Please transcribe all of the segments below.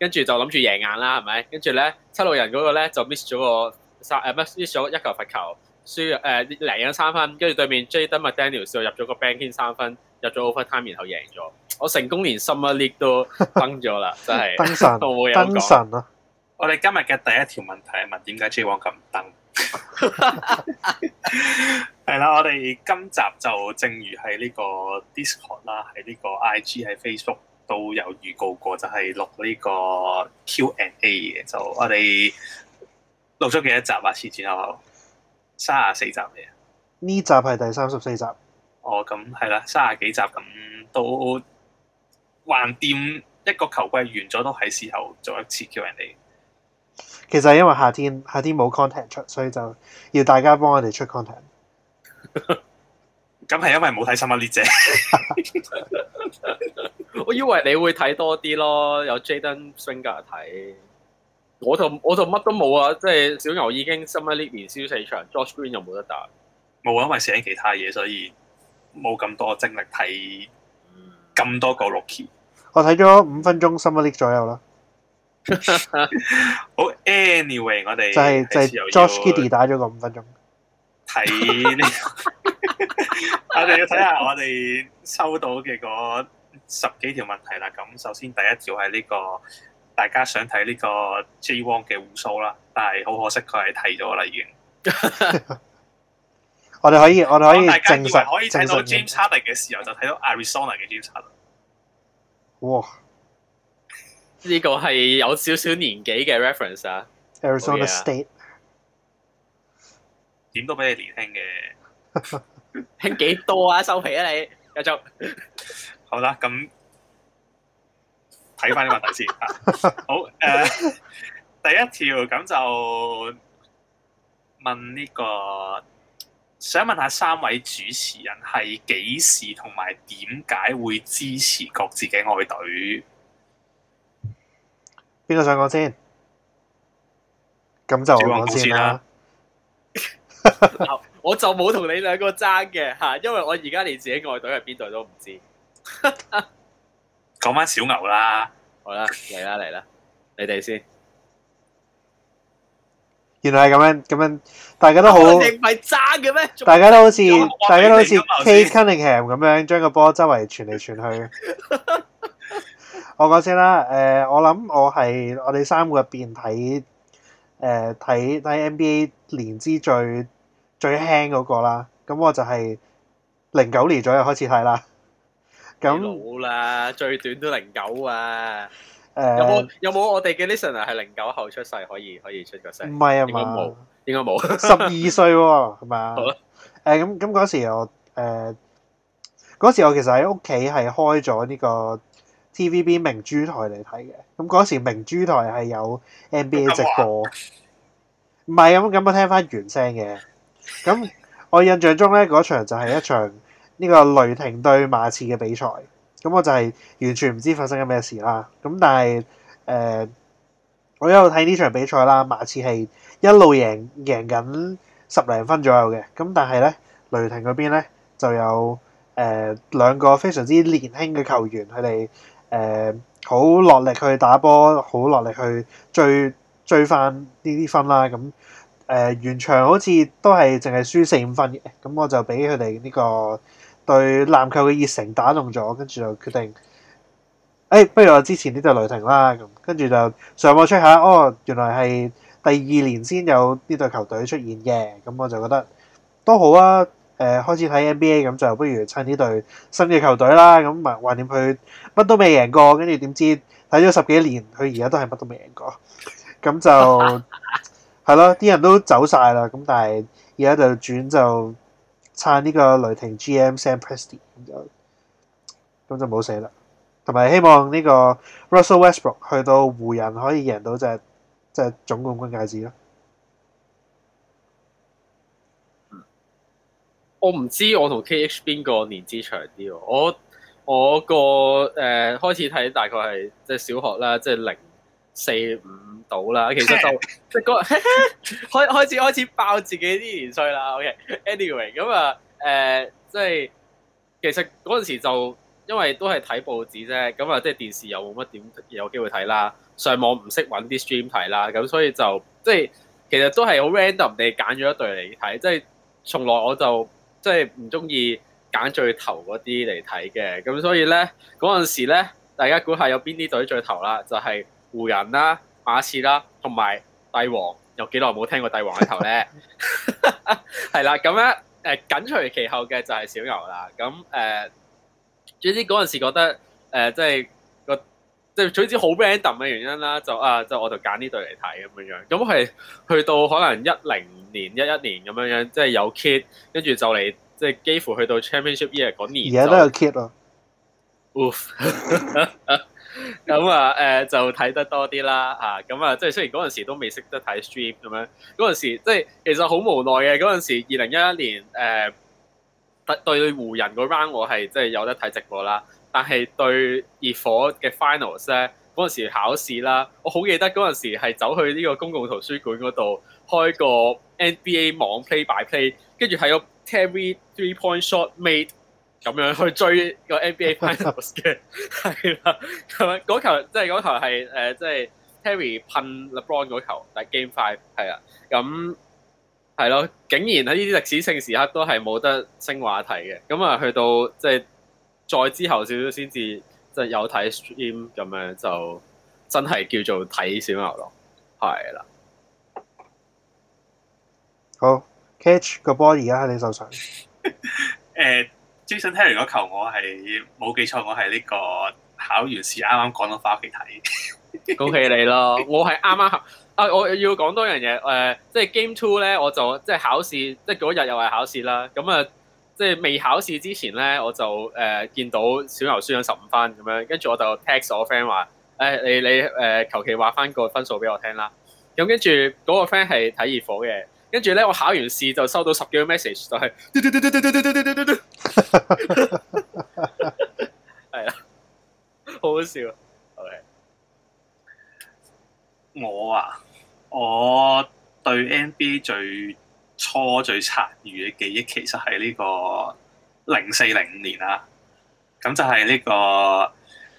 跟住就諗住贏硬啦，係咪？跟住咧，七六人嗰個咧就 miss 咗個三 miss 咗一球罰球，輸誒贏咗三分。跟住對面 Jaden McDaniels 又入咗個 bank in 三分，入咗 over time，然後贏咗。我成功連 Summer League 都登咗啦，真係。登神！都冇有講。我哋今日嘅第一條問題係問點解 J 王咁登？係啦，我哋今集就正如係呢個 Discord 啦，喺呢個 IG 喺 Facebook。都有預告過，就係、是、錄呢個 Q and A 嘅，就我哋錄咗幾多集啊？前前後後三十四集嚟、哦、啊！呢集係第三十四集。哦，咁係啦，三廿幾集咁都橫掂一個球季完咗，都係時候做一次 Q and A。A、其實係因為夏天，夏天冇 content 出，所以就要大家幫我哋出 content。 咁係因為冇睇 Summer League 啫，我以為你會睇多啲咯，有 Jaden Springer 睇，我就我就乜都冇啊！即係小牛已經 Summer League 連輸四場，Josh Green 又冇得打，冇啊！因為寫其他嘢，所以冇咁多精力睇咁多個 rookie。我睇咗五分鐘 Summer League 左右啦。好、 well,，Anyway，我哋就係、是、就係、是、Josh Giddey 打咗個五分鐘睇呢。看 我哋要睇下我哋收到嘅嗰十幾條問題啦。咁首先第一條係呢個大家想睇呢個 Jone 嘅鬍鬚啦，但係好可惜佢係睇咗啦已經。我哋可以，我哋可以證實，證實 James Harden 嘅時候就睇到 Arizona 嘅 James Harden。哇！呢個係有少少年紀嘅 reference 啊，Arizona State 點都比你年輕嘅。興幾多啊？收皮啊你！你繼續好啦，咁睇翻啲問題先。 好誒、呃，第一條咁就問呢個，想問下三位主持人係幾時同埋點解會支持各自嘅愛隊？邊個想講先？咁就我先啦。 我就冇同你兩個爭嘅吓，因為我而家連自己外隊喺邊度都唔知。講 翻小牛啦，好啦，嚟啦嚟啦，你哋先。原來係咁樣咁樣，大家都好。啊、你唔係爭嘅咩？大家都好似大家都好似 Cade Cunningham 咁樣，將個波周圍傳嚟傳去。 我講先啦，誒、呃，我諗我係我哋三個入邊睇，誒、呃，睇睇 NBA 年資最。最輕嗰個啦，咁我就係零九年左右開始睇啦。咁老啦，最短都零九啊。誒，有冇有冇我哋嘅 listener 係零九後出世，可以可以出個聲？唔係啊嘛，冇應該冇。十二歲喎，係咪？好啦，誒咁咁嗰時我誒嗰時我其實喺屋企係開咗呢個 TVB 明珠台嚟睇嘅。咁嗰時明珠台係有 NBA 直播，唔係，咁咁我聽翻原聲嘅。咁我印象中咧嗰場就係一場呢個雷霆對馬刺嘅比賽，咁我就係完全唔知發生緊咩事啦。咁但係誒、呃，我一路睇呢場比賽啦，馬刺係一路贏贏緊十零分左右嘅。咁但係咧，雷霆嗰邊咧就有誒兩、呃、個非常之年輕嘅球員，佢哋誒好落力去打波，好落力去追追翻呢啲分啦。咁、嗯。誒，完、呃、場好似都係淨係輸四五分嘅，咁我就俾佢哋呢個對籃球嘅熱誠打動咗，跟住就決定，誒、欸，不如我支持呢隊雷霆啦，咁跟住就上網 check 下，哦，原來係第二年先有呢隊球隊出現嘅，咁我就覺得都好啊，誒、呃，開始睇 NBA 咁就不如趁呢隊新嘅球隊啦，咁橫掂佢乜都未贏過，跟住點知睇咗十幾年，佢而家都係乜都未贏過，咁就。 係咯，啲人都走晒啦。咁但係而家就轉就撐呢個雷霆 GM Sam Presti，咁就咁就冇死啦。同埋希望呢個 Russell Westbrook、ok、去到湖人可以贏到隻即係總冠軍戒指咯。我唔知我同 KH 邊個年資長啲喎。我我個誒、呃、開始睇大概係即係小學啦，即、就、係、是、零。四五到啦，其實就即係嗰開始開始爆自己啲年歲啦。OK，anyway、okay，咁啊，誒即係其實嗰陣時就因為都係睇報紙啫，咁啊即係電視又冇乜點有機會睇啦，上網唔識揾啲 stream 睇啦，咁所以就即係、就是、其實都係好 random 地揀咗一隊嚟睇，即、就、係、是、從來我就即係唔中意揀最頭嗰啲嚟睇嘅，咁所以咧嗰陣時咧，大家估下有邊啲隊最頭啦，就係、是。湖人啦、啊、馬刺啦、啊，同埋帝王，有幾耐冇聽過帝王嘅頭咧？係啦， 咁咧誒緊隨其後嘅就係小牛啦。咁誒、呃，總之嗰陣時覺得誒，即係個即係總之好 random 嘅原因啦，就啊、呃、就我就揀呢隊嚟睇咁樣樣。咁係去到可能一零年一一年咁樣樣，即係有 kit，跟住就嚟即係幾乎去到 championship year 嘅嗰年都有 kit 咯。Oof！、呃 咁啊，誒、嗯 嗯、就睇得多啲啦，嚇、嗯！咁啊，即係雖然嗰陣時都未識得睇 stream 咁樣，嗰陣時即係其實好無奈嘅。嗰陣時二零一一年誒、嗯，對湖人個 round 我係即係有得睇直播啦，但係對熱火嘅 finals 咧，嗰陣時考試啦，我好記得嗰陣時係走去呢個公共圖書館嗰度開個 NBA 網 play by play，跟住喺個 Terry three point shot made。咁樣去追個 NBA Finals 嘅， 係啦，咁嗰球即係嗰球係誒，即係、呃、Terry 噴 LeBron 嗰球，但係 Game Five 係啦，咁係咯，竟然喺呢啲歷史性時刻都係冇得升話題嘅，咁、嗯、啊去到即係再之後少少先至即係有睇 stream 咁樣，就真係叫做睇小牛咯，係啦，好 catch 個波而家喺你手上，誒、 欸。Jason Terry 嗰球，我係冇記錯，我係呢個考完試啱啱趕到翻屋企睇， 恭喜你咯！我係啱啱考啊！我要講多樣嘢誒，即係 Game Two 咧，我就即係考試，即係嗰日又係考試啦。咁、嗯、啊，即係未考試之前咧，我就誒、呃、見到小牛輸咗十五分咁樣，跟住我就 text 我 friend 話：誒、欸、你你誒求其話翻個分數俾我聽啦。咁跟住嗰個 friend 係睇熱火嘅。跟住咧，我考完試就收到十幾個 message，就係嘟嘟嘟嘟嘟嘟嘟嘟嘟嘟，係啊，好好笑啊，okay。我啊，我對 NBA 最初最殘餘嘅記憶，其實係呢個零四零五年啊。咁就係呢個，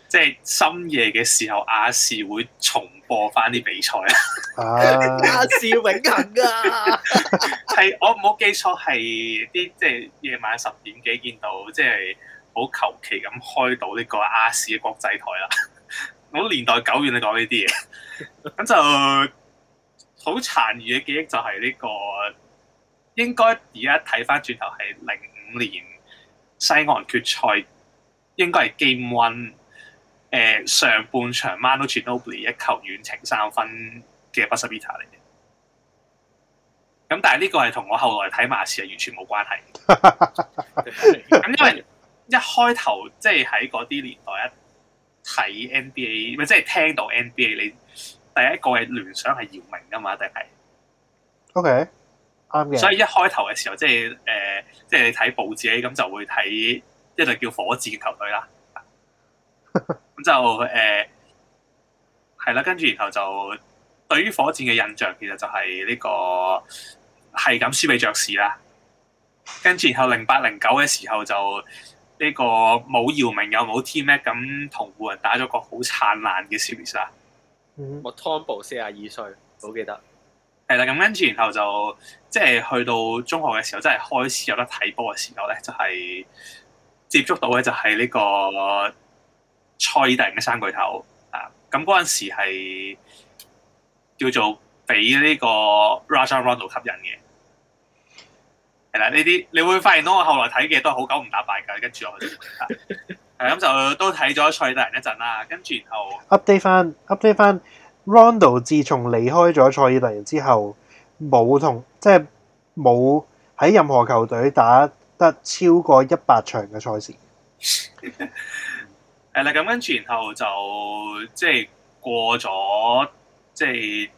即係深夜嘅時候，亞視會重播翻啲比賽 啊！亞視永恆啊，係我冇記錯，係啲即係夜晚十點幾見到，即係好求其咁開到呢個亞視嘅國際台啦。 我年代久遠都，你講呢啲嘢。咁就好殘餘嘅記憶就係呢、呢個應該而家睇翻轉頭係零五年西岸決賽，應該係 game one，誒、呃、上半場 Manu Ginobili 一球遠程三分嘅 buzzer beater 嚟嘅，咁但係呢個係同我後來睇馬刺係完全冇關係。咁 因為一開頭即係喺嗰啲年代一睇 NBA，咪即係聽到 NBA，你第一個嘅聯想係姚明噶嘛？定係 OK 啱嘅。所以一開頭嘅時候，即係誒，即係你睇報紙咁就會睇一隊叫火箭嘅球隊啦。 就誒，係啦，跟住然後就對於火箭嘅印象，其實就係呢個係咁輸俾爵士啦。跟住然後零八零九嘅時候就呢個冇姚明又冇 T-Mac 咁同湖人打咗個好燦爛嘅 series 啦。我湯普四廿二歲，好記得。係啦，咁跟住然後就即係去到中學嘅時候，真係開始有得睇波嘅時候咧，就係接觸到嘅就係呢個。塞爾特人嘅三巨頭啊，咁嗰陣時係叫做俾呢個 Rajon Rondo 吸引嘅，係啦，呢啲你會發現到我後來睇嘅都係好久唔打敗噶，跟住我係咁 就都睇咗塞爾特人一陣啦，跟住然後 update 翻 update 翻 Rondo 自從離開咗塞爾特人之後，冇同即係冇喺任何球隊打得超過一百場嘅賽事。 誒啦，咁跟住，然後就即係過咗，即係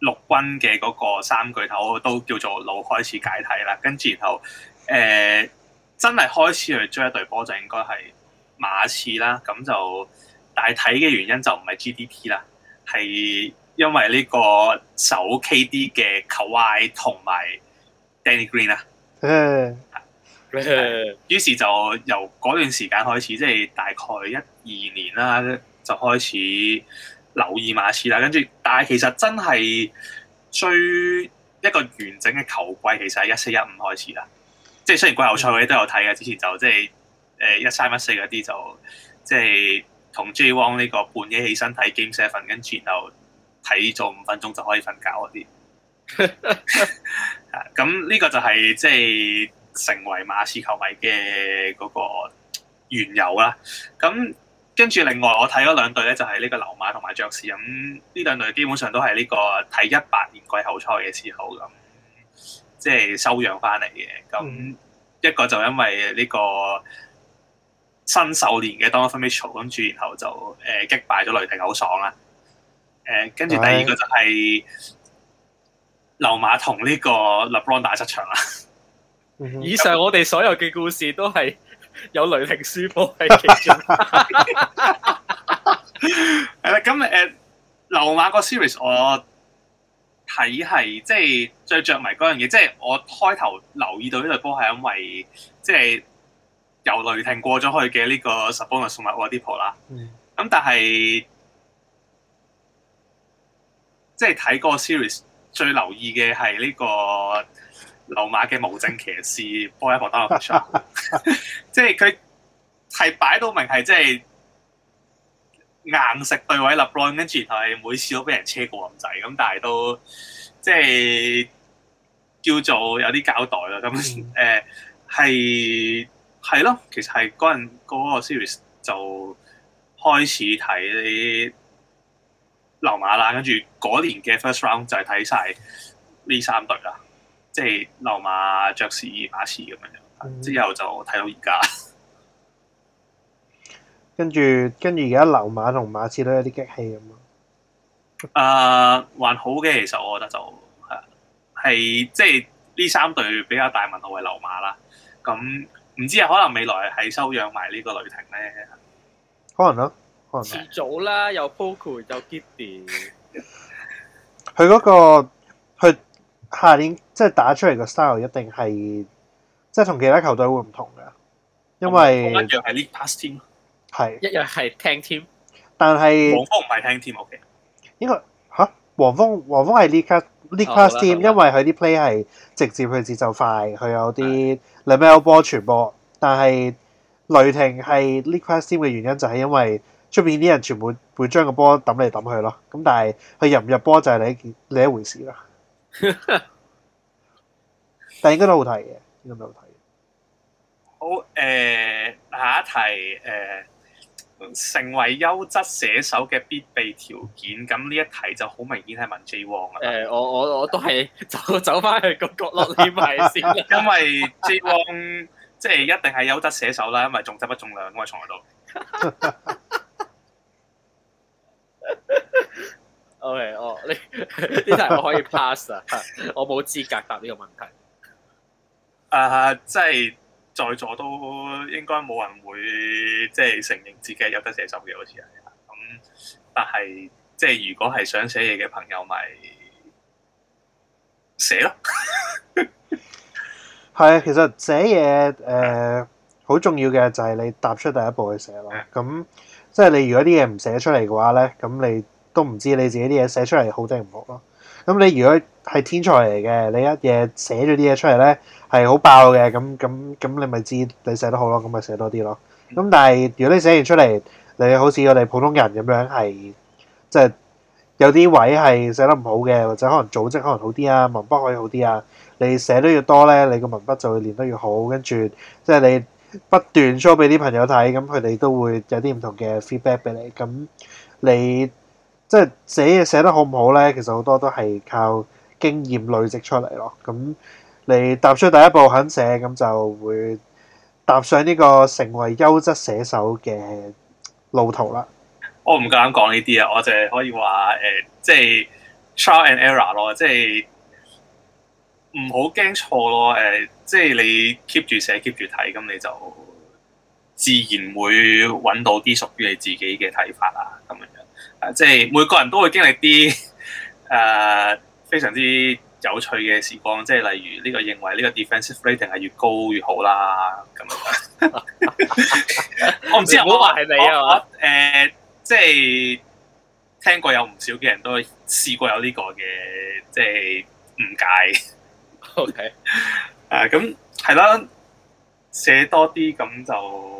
綠軍嘅嗰個三巨頭都叫做老，開始解體啦。跟住然後，誒、呃、真係開始去追一隊波，就應該係馬刺啦。咁就大體嘅原因就唔係 GDP 啦，係因為呢個首 KD 嘅 Kawhi 同埋 Danny Green 啊。嗯是於是就由嗰段時間開始，即係大概一二年啦，就開始留意馬刺啦。跟住，但係其實真係追一個完整嘅球季，其實係一四一五開始啦。即係雖然季後賽我哋都有睇嘅，之前就即係誒一三一四嗰啲就即係同 J. Wong 呢個半夜起身睇 Game Seven，跟住就睇咗五分鐘就可以瞓覺嗰啲。咁呢 個就係即係。就是成為馬刺球迷嘅嗰個緣由啦，咁跟住另外我睇咗兩隊咧，就係、是、呢個溜馬同埋爵士咁，呢兩隊基本上都係呢、這個睇一八年季後賽嘅時候咁，即係收養返嚟嘅，咁、嗯、一個就因為呢個新秀年嘅 Conference Cup，跟住然後就誒、呃、擊敗咗雷霆好爽啦，誒跟住第二個就係溜馬同呢個 LeBron 打七場啦。以上我哋所有嘅故事都係有雷霆輸波喺其中。係啦，咁誒，溜馬個 series 我睇係即係最着迷嗰樣嘢，即係、就是、我開頭留意到呢個波係因為即係、就是、由雷霆過咗去嘅呢個 Sabonis 啦。咁寶思但係即係睇嗰個 series 最留意嘅係呢個。流馬嘅無證騎士波一博多 round，即係佢係擺到明係即係硬食對位 LeBron，跟住係每次都俾人車過咁滯，咁但係都即係叫做有啲交代啦。咁誒係係咯，其實係嗰陣嗰個 series 就開始睇流馬啦，跟住嗰年嘅 first round 就係睇晒呢三隊啦。即係流馬、爵士、馬刺咁樣，之、嗯、後就睇到而家、嗯 。跟住，跟住而家流馬同馬刺都有啲激氣咁。誒、呃，還好嘅，其實我覺得就係即係呢三隊比較大問題嘅流馬啦。咁、嗯、唔知啊，可能未來係收養埋呢個雷霆咧？可能咯，可能。遲早啦，又 Poku 有 Gibby 佢嗰個佢。下年即係打出嚟嘅 style 一定係即係同其他球隊會唔同嘅，因為一樣係 League Pass team，係是一樣係 tank team，但係是黃蜂唔係 tank team，OK，應該吓黃蜂黃蜂係 League Pass team，因為佢啲 play 係直接去節奏快，佢有啲 level 波傳波，但係雷霆係 League Pass team 嘅原因就係因為出邊啲人全部會將個波抌嚟抌去咯，咁但係佢入唔入波就係另一件另一回事啦。 但應該都好睇嘅，應該都好睇。好，誒、呃，下一題，誒、呃，成為優質寫手嘅必備條件，咁呢一題就好明顯係問 J 王啊。誒、呃，我我我都係走走翻去個角落裏埋先。 因為 J 王即係一定係優質寫手啦，因為重質不重量，我係從來都。 O.K.，哦，你呢題我可以 pass 啊，我冇資格答呢個問題。啊，即係在座都應該冇人會即係承認自己有得寫手嘅，好似係。咁、嗯，但係即係如果係想寫嘢嘅朋友咪寫咯。係 啊， 其實寫嘢誒好重要嘅，就係你踏出第一步去寫咯。咁 即係你如果啲嘢唔寫出嚟嘅話咧，咁你。都唔知你自己啲嘢寫出嚟好定唔好咯。咁你如果係天才嚟嘅，你一夜寫咗啲嘢出嚟咧，係好爆嘅。咁咁咁，你咪知你寫得好咯。咁咪寫多啲咯。咁但係如果你寫完出嚟，你好似我哋普通人咁樣係即係有啲位係寫得唔好嘅，或者可能組織可能好啲啊，文筆可以好啲啊。你寫得越多咧，你個文筆就會練得越好。跟住即係你不斷 show 俾啲朋友睇，咁佢哋都會有啲唔同嘅 feedback 俾你。咁你。即係寫嘢寫得好唔好咧？其實好多都係靠經驗累積出嚟咯。咁你踏出第一步肯寫，咁就會踏上呢個成為優質寫手嘅路途啦。我唔夠膽講呢啲啊，我就係可以話誒、呃，即係 trial and error 咯、呃，即係唔好驚錯咯。誒，即係你 keep 住寫，keep 住睇，咁你就自然會揾到啲屬於你自己嘅睇法啊，咁樣。啊！即係每個人都會經歷啲誒、呃、非常之有趣嘅時光，即係例如呢個認為呢個 defensive rating 係越高越好啦。咁， 我唔知啊，唔好話係你啊嘛。即係聽過有唔少嘅人都試過有呢個嘅即係誤解 okay.、呃。OK，啊咁係啦，寫多啲咁就。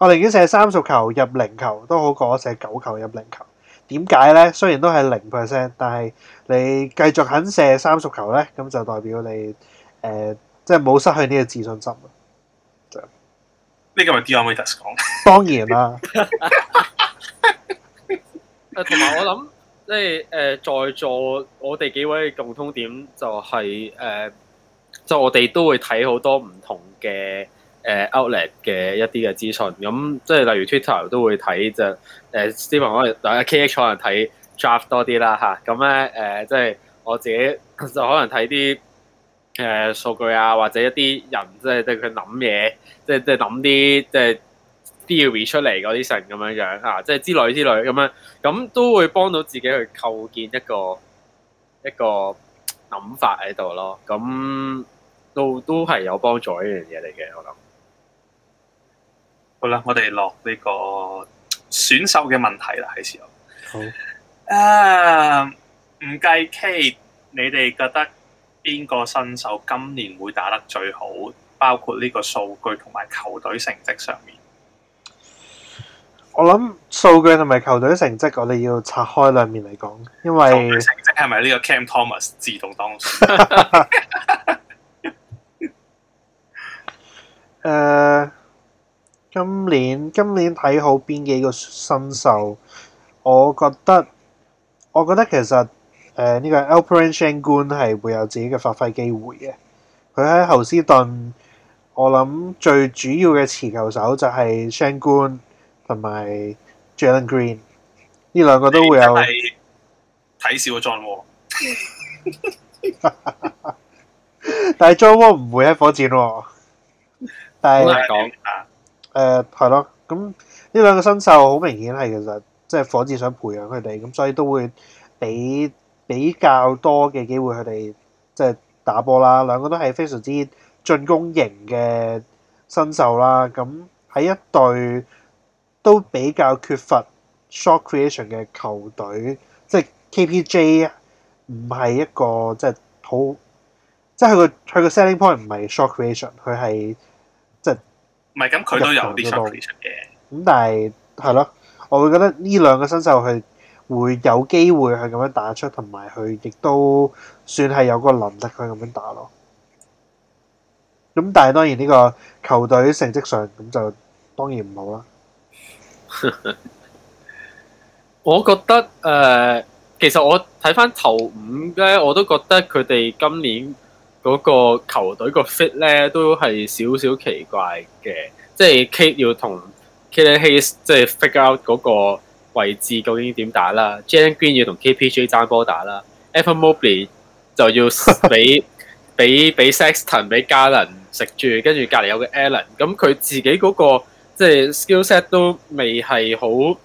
我寧願射三十球入零球都好過我射九球入零球。點解咧？雖然都係零 percent，但係你繼續肯射三十球咧，咁就代表你誒，即係冇失去呢個自信心啊！呢個係 Dimitris 講。當然啦。誒，同埋我諗，即係誒，在座我哋幾位共通點就係誒，即係我哋都會睇好多唔同嘅。誒 Outlet 嘅一啲嘅資訊，咁即係例如 Twitter 都會睇就誒 Stephen 可能，大家 KH 可能睇 Draft 多啲啦嚇。咁咧誒，即、呃、係、就是、我自己就可能睇啲誒數據啊，或者一啲人即係即係佢諗嘢，即係即係諗啲即係 delivery 出嚟嗰啲神咁樣樣啊，即、就、係、是、之類之類咁樣，咁、啊、都會幫到自己去構建一個一個諗法喺度咯。咁都都係有幫助一樣嘢嚟嘅，我諗。好啦，我哋落呢個選手嘅問題啦，係時候。好啊，唔計、uh, K，你哋覺得邊個新手今年會打得最好？包括呢個數據同埋球隊成績上面。我諗數據同埋球隊成績，我哋要拆開兩面嚟講，因為成績係咪呢個 Cam Thomas 自動當選？ uh, 今年今年睇好邊幾個新秀？我覺得我覺得其實誒呢、呃這個 Alperin Shangun 係會有自己嘅發揮機會嘅。佢喺侯斯頓，我諗最主要嘅持球手就係 Shangun 同埋 Jalen Green 呢兩個都會有。睇少個 John 但係 John 唔會喺火箭，啊，但係講。誒，係咯、uh,，咁呢兩個新秀好明顯係其實即係、就是、火箭想培養佢哋，咁所以都會俾比較多嘅機會佢哋即係打波啦。兩個都係非常之進攻型嘅新秀啦。咁喺一隊都比較缺乏 short creation 嘅球隊，即、就、係、是、KPJ 唔係一個即係好，即、就、係、是、佢個佢、就、個、是、selling point 唔係 short creation，佢係。唔係咁，佢都有啲出嘅。咁但係，係咯，我會覺得呢兩個新秀係會有機會係咁樣打出，同埋佢亦都算係有個能力去咁樣打咯。咁但係當然呢個球隊成績上咁就當然唔好啦。 我覺得誒、呃，其實我睇翻頭五咧，我都覺得佢哋今年。嗰個球隊個 fit 咧都係少少奇怪嘅，即係 Cade 要同 Killian Hayes 即係 figure out 嗰個位置究竟點打啦 Jalen Green 要同 KPJ 爭波打啦 ，Evan Mobley 就要俾俾俾 Sexton 俾嘉倫食住，跟住隔離有個 Allen，咁佢自己嗰、那個即係 skill set 都未係好完，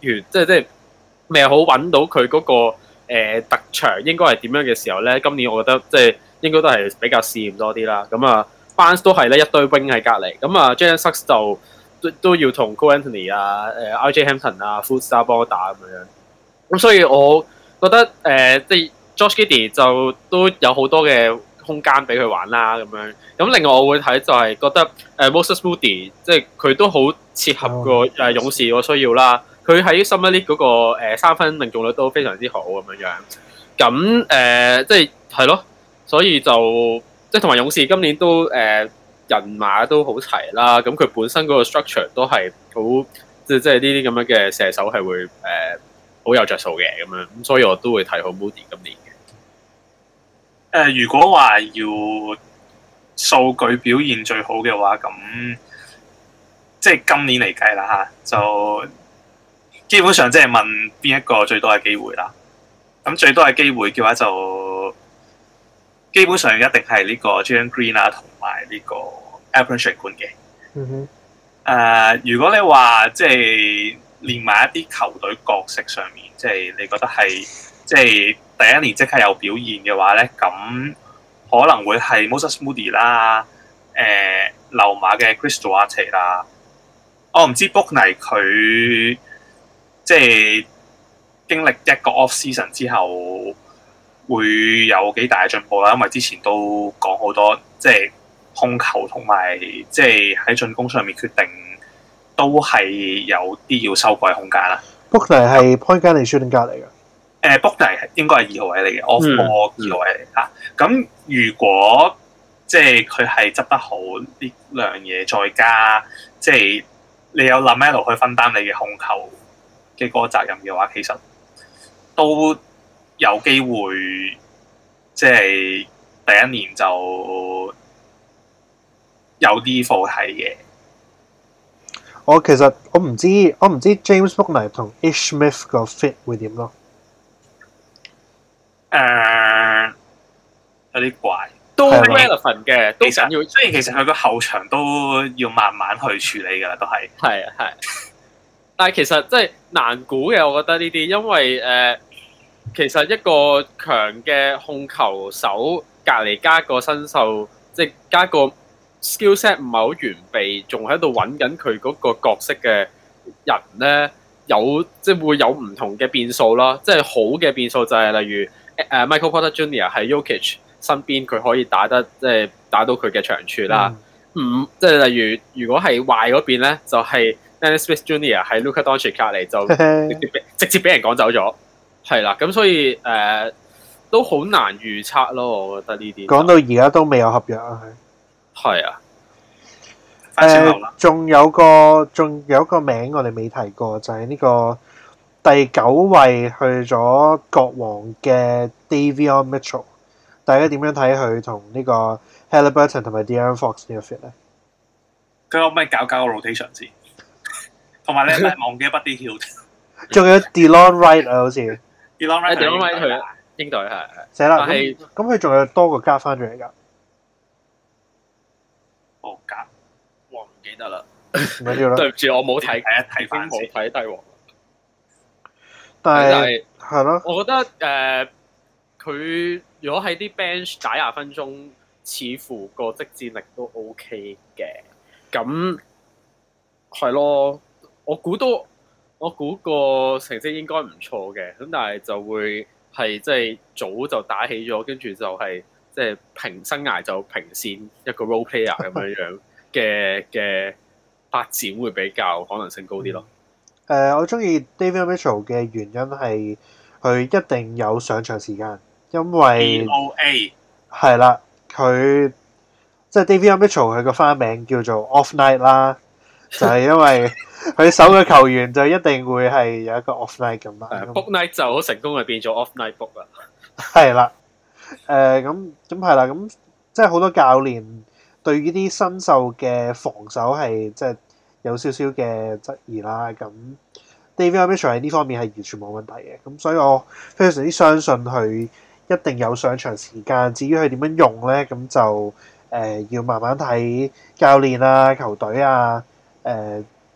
即係即係未好揾到佢嗰、那個、呃、特長應該係點樣嘅時候咧，今年我覺得即係。應該都係比較試驗多啲啦，咁啊班都係咧一堆 wing 喺隔離，咁啊 Jalen Suggs 就都都要同 Cole Anthony 啊、誒 RJ Hampton 啊、Ham 啊、Footstar 幫我打咁樣，咁所以我覺得誒、呃，即係 Josh Giddey 就都有好多嘅空間俾佢玩啦，咁樣。咁另外我會睇就係覺得誒、呃、Moses Moody 即係佢都好切合個誒、呃、勇士個需要啦。佢喺 Summer League 嗰個誒、呃、三分命中率都非常之好咁樣樣，咁誒即係係咯。所以就即係同埋勇士今年都誒、呃，人馬都好齊啦，咁佢本身嗰個 structure 都係好即係即係呢啲咁樣嘅射手係會誒好、呃、有着數嘅咁樣，咁所以我都會睇好 Moody 今年嘅。誒、呃、如果話要數據表現最好嘅話，咁即係今年嚟計啦吓，就基本上即係問邊一個最多嘅機會啦。咁最多嘅機會嘅話就。基本上一定係呢個 j o h n Green 啊，同埋呢個 Applewood 嘅。嗯哼、mm。誒、hmm. 呃，如果你話即係連埋一啲球隊角色上面，即、就、係、是、你覺得係即係第一年即刻有表現嘅話咧，咁可能會係 Moses Moody 啦，誒、呃，流馬嘅 Crystal 阿齊啦。我、哦、唔知 b o o k n 佢即係經歷一個 off season 之後。會有幾大進步啦，因為之前都講好多，即係控球同埋即係喺進攻上面決定都係有啲要修改空間啦。布迪係 point guard shooting guard 嚟嘅，誒布迪應該係二號位嚟嘅、嗯、off guard of 二號位嚟嚇。咁如果即係佢係執得好呢樣嘢，再加即係你有諗一路去分擔你嘅控球嘅嗰個責任嘅話，其實都。有機會即係第一年就有啲貨睇嘅。我其實我唔知我唔知 James Bouknight 同 Ish Smith 個 fit 會點咯。誒、呃、有啲怪都 relevant 嘅，吧實都想要即係其實佢個後場都要慢慢去處理噶啦，都係係係。但係其實即係難估嘅，我覺得呢啲，因為誒。呃其實一個強嘅控球手，隔離加個新秀，即係加個 skillset 唔係好完備，仲喺度揾緊佢嗰個角色嘅人咧，有即係會有唔同嘅變數啦。即係好嘅變數就係例如誒 Michael Porter Junior 喺 Yokich、ok、身邊，佢可以打得即係打到佢嘅長處啦。唔、嗯、即係例如如果係壞嗰邊咧，就係、是、Nathan Smith Junior 喺 Luka Doncic 隔離就直接俾人趕走咗。 係啦，咁所以誒、呃、都好難預測咯，我覺得呢啲。講到而家都未有合約啊，係。係啊。誒正、呃，仲有個仲有一個名我哋未提過，就係、是、呢個第九位去咗國王嘅 Davion Mitchell。大家點樣睇佢同呢個 Haliburton 同埋 De'Aaron Fox 呢個 fit 咧？佢可唔可以搞搞個 rotation 先，同埋咧忘記 Buddy Hield 仲有 Delon Wright 啊，好似～Yellow right，佢英隊係，但係咁佢仲有多個加翻咗嚟噶。哦加 ，我唔記得啦。唔緊要啦。對唔住，我冇睇，已經冇睇帝王。但係係咯，我覺得誒，佢、呃、如果喺啲 bench 打廿分鐘，似乎個即戰力都 OK 嘅。咁係咯，我估都。我估個成績應該唔錯嘅，咁但係就會係即係早就打起咗，跟住就係即係平生涯就平線一個 role player 咁樣樣嘅嘅發展會比較可能性高啲咯。誒， uh, 我中意 Davion Mitchell 嘅原因係佢一定有上場時間，因為 O A 係啦，佢即係 Davion Mitchell 佢個花名叫做 Off Night 啦，就係因為。 佢手嘅球員就一定會係有一個 off night 咁啦。book night 就好成功成，係變咗 off night book 啊。係、呃、啦，誒咁咁係啦，咁即係好多教練對呢啲新秀嘅防守係即係有少少嘅質疑啦。咁 David 阿 Mitchell 喺呢方面係完全冇問題嘅，咁所以我非常之相信佢一定有上場時間。至於佢點樣用咧，咁就誒、呃、要慢慢睇教練啊、球隊啊、誒、呃。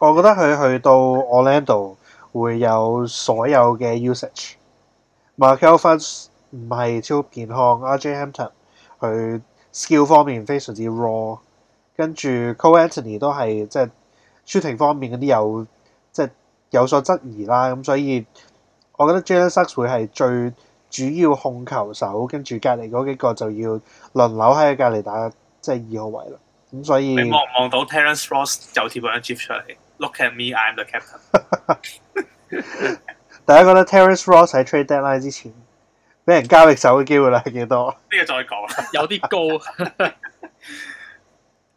我覺得佢去到 Orlando 會有所有嘅 usage。Markelle Fultz 唔係超健康，RJ Hampton 佢 skill 方面非常之 raw。跟住 Cole Anthony 都係即係 shooting 方面嗰啲有即係有所質疑啦，咁所以我覺得 Jalen Suggs 會係最主要控球手，跟住隔離嗰幾個就要輪流喺隔離打即係二號位啦。咁所以你望望到 Terrence Ross 又貼個一 u 出嚟。Look at me, I'm a the captain。 大家覺得 Terrence Ross 喺 Trade Deadline 之前俾人交易走嘅機會率，係幾多？呢個再講，有啲高。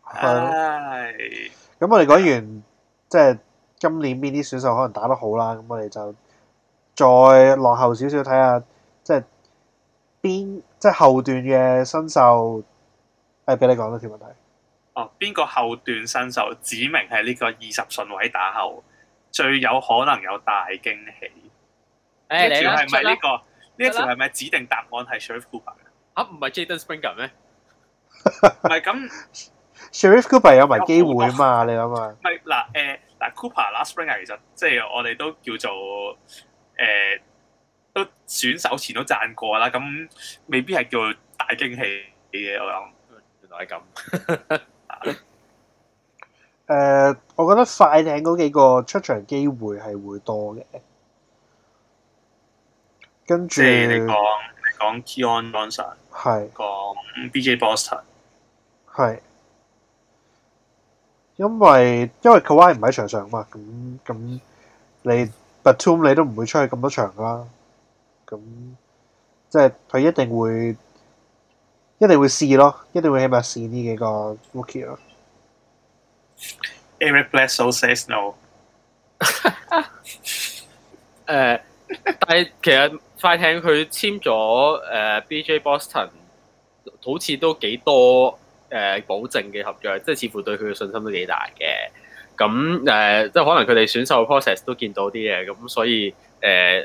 係、 哎。咁我哋講完，即係今年邊啲選手可能打得好啦。咁我哋就再落後少少睇下，即係邊即係後段嘅新秀。係、哎、俾你講多條問題。哦，邊個後段新秀指明係呢個二十順位打後，最有可能有大驚喜。呢條係咪呢個？呢條係咪指定答案係 Sharif Cooper？啊，唔係 Jaden Springer 咩？唔係咁，Sharif Cooper 有埋機會嘛？你諗下？係嗱誒，嗱 Cooper、啦、欸、啦 s Springer 其實即係、就是、我哋都叫做誒、欸，都選手前都讚過啦。咁未必係叫大驚喜嘅。我諗，原來係咁。 誒，uh, 我覺得快艇嗰幾個出場機會係會多嘅，跟住你講，你講 Keon 是 Johnson 係講 BJ Boston，係，因為因為 Kawhi 唔喺場上嘛，咁咁你 Batum 你都唔會出去咁多場啦，咁即係佢一定會。一定會試咯，一定會起碼試呢幾個 rookie 咯。Every、OK? blessed s o says no。誒， 但係其實快艇佢簽咗誒 B.J. Boston，好似都幾多誒、呃、保證嘅合約，即係似乎對佢嘅信心都幾大嘅。咁誒、呃，即係可能佢哋選秀 process 都見到啲嘢，咁所以誒、呃，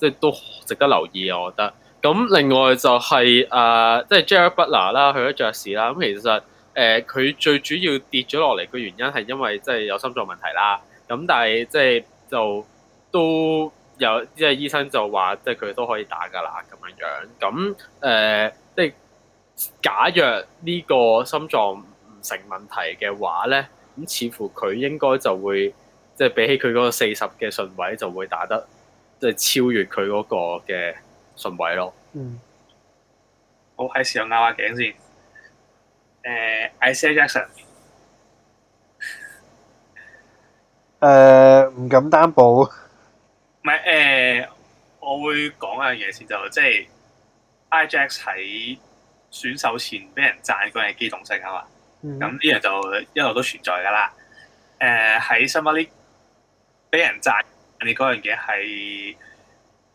即係都值得留意，我覺得。咁另外就係、是、啊、呃，即係 Jared Butler 啦，佢都爵士啦。咁其實誒，佢、呃、最主要跌咗落嚟嘅原因係因為即係有心臟問題啦。咁但係即係就都有即係醫生就話，即係佢都可以打㗎啦咁樣樣。咁誒、呃，即係假若呢個心臟唔成問題嘅話咧，咁似乎佢應該就會即係比起佢嗰個四十嘅順位就會打得即係、就是、超越佢嗰個嘅。順位咯，嗯，好試我係時候拗下頸先。誒、uh,，I say s a y Jackson。誒，唔敢擔保。唔係誒，我會講一樣嘢先，就即係 I j a c k s 喺選手前俾人讚嗰樣機動性啊嘛。咁呢樣就一路都存在噶啦。誒、uh,，喺 Summer League 俾人讚你嗰樣嘢係。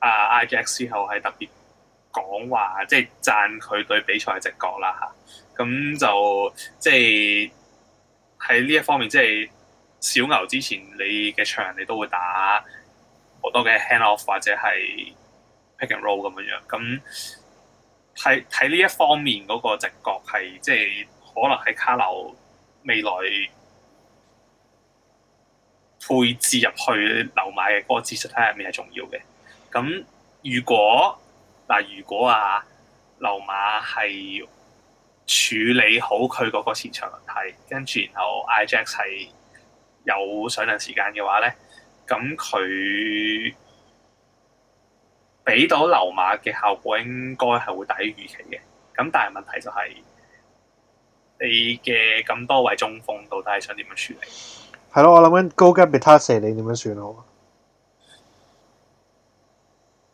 啊！Igex 之後係特別講話，即係讚佢對比賽嘅直覺啦吓，咁、啊、就即係喺呢一方面，即、就、係、是、小牛之前你嘅場你都會打好多嘅 hand off 或者係 pick and roll 咁樣樣，咁睇睇呢一方面個直覺係即係可能喺卡樓未來配置入去留買嘅個個節數喺入面係重要嘅。咁如果嗱，如果啊，溜馬係處理好佢嗰個前場問題，跟住然後 i j a x 係有上陣時間嘅話咧，咁佢俾到溜馬嘅效果應該係會低於預期嘅。咁但係問題就係你嘅咁多位中鋒到底係想點樣處理？係咯，我諗緊高吉比他射你點樣算好？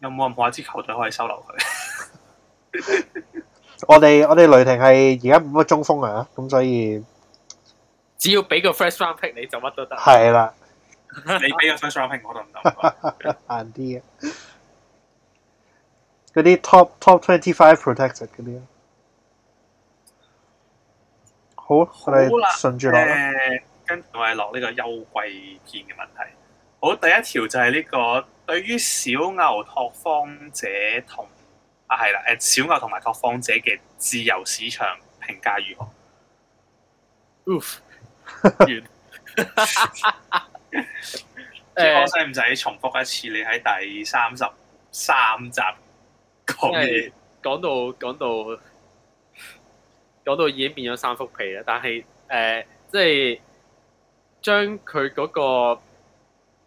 有冇任何一支球隊可以收留佢？ 我哋我哋雷霆係而家冇乜中鋒啊，咁所以只要俾個 first round pick 你就乜都得。係啦了， 你俾個 first round pick 我就唔得，硬啲嘅。嗰啲 top top twenty five protected 嗰啲，好，好啦我哋順住落。誒、呃，跟住我係落呢個休季篇嘅問題。好，第一條就係呢、這個對於小牛拓荒者同啊係啦，誒小牛同埋拓荒者嘅自由市場評價如何？嗚、呃、完，我使唔使重複一次你？你喺第三十三集講，講、嗯、到講到講到已經變咗三幅皮啦。但係誒、嗯，即係將佢嗰個。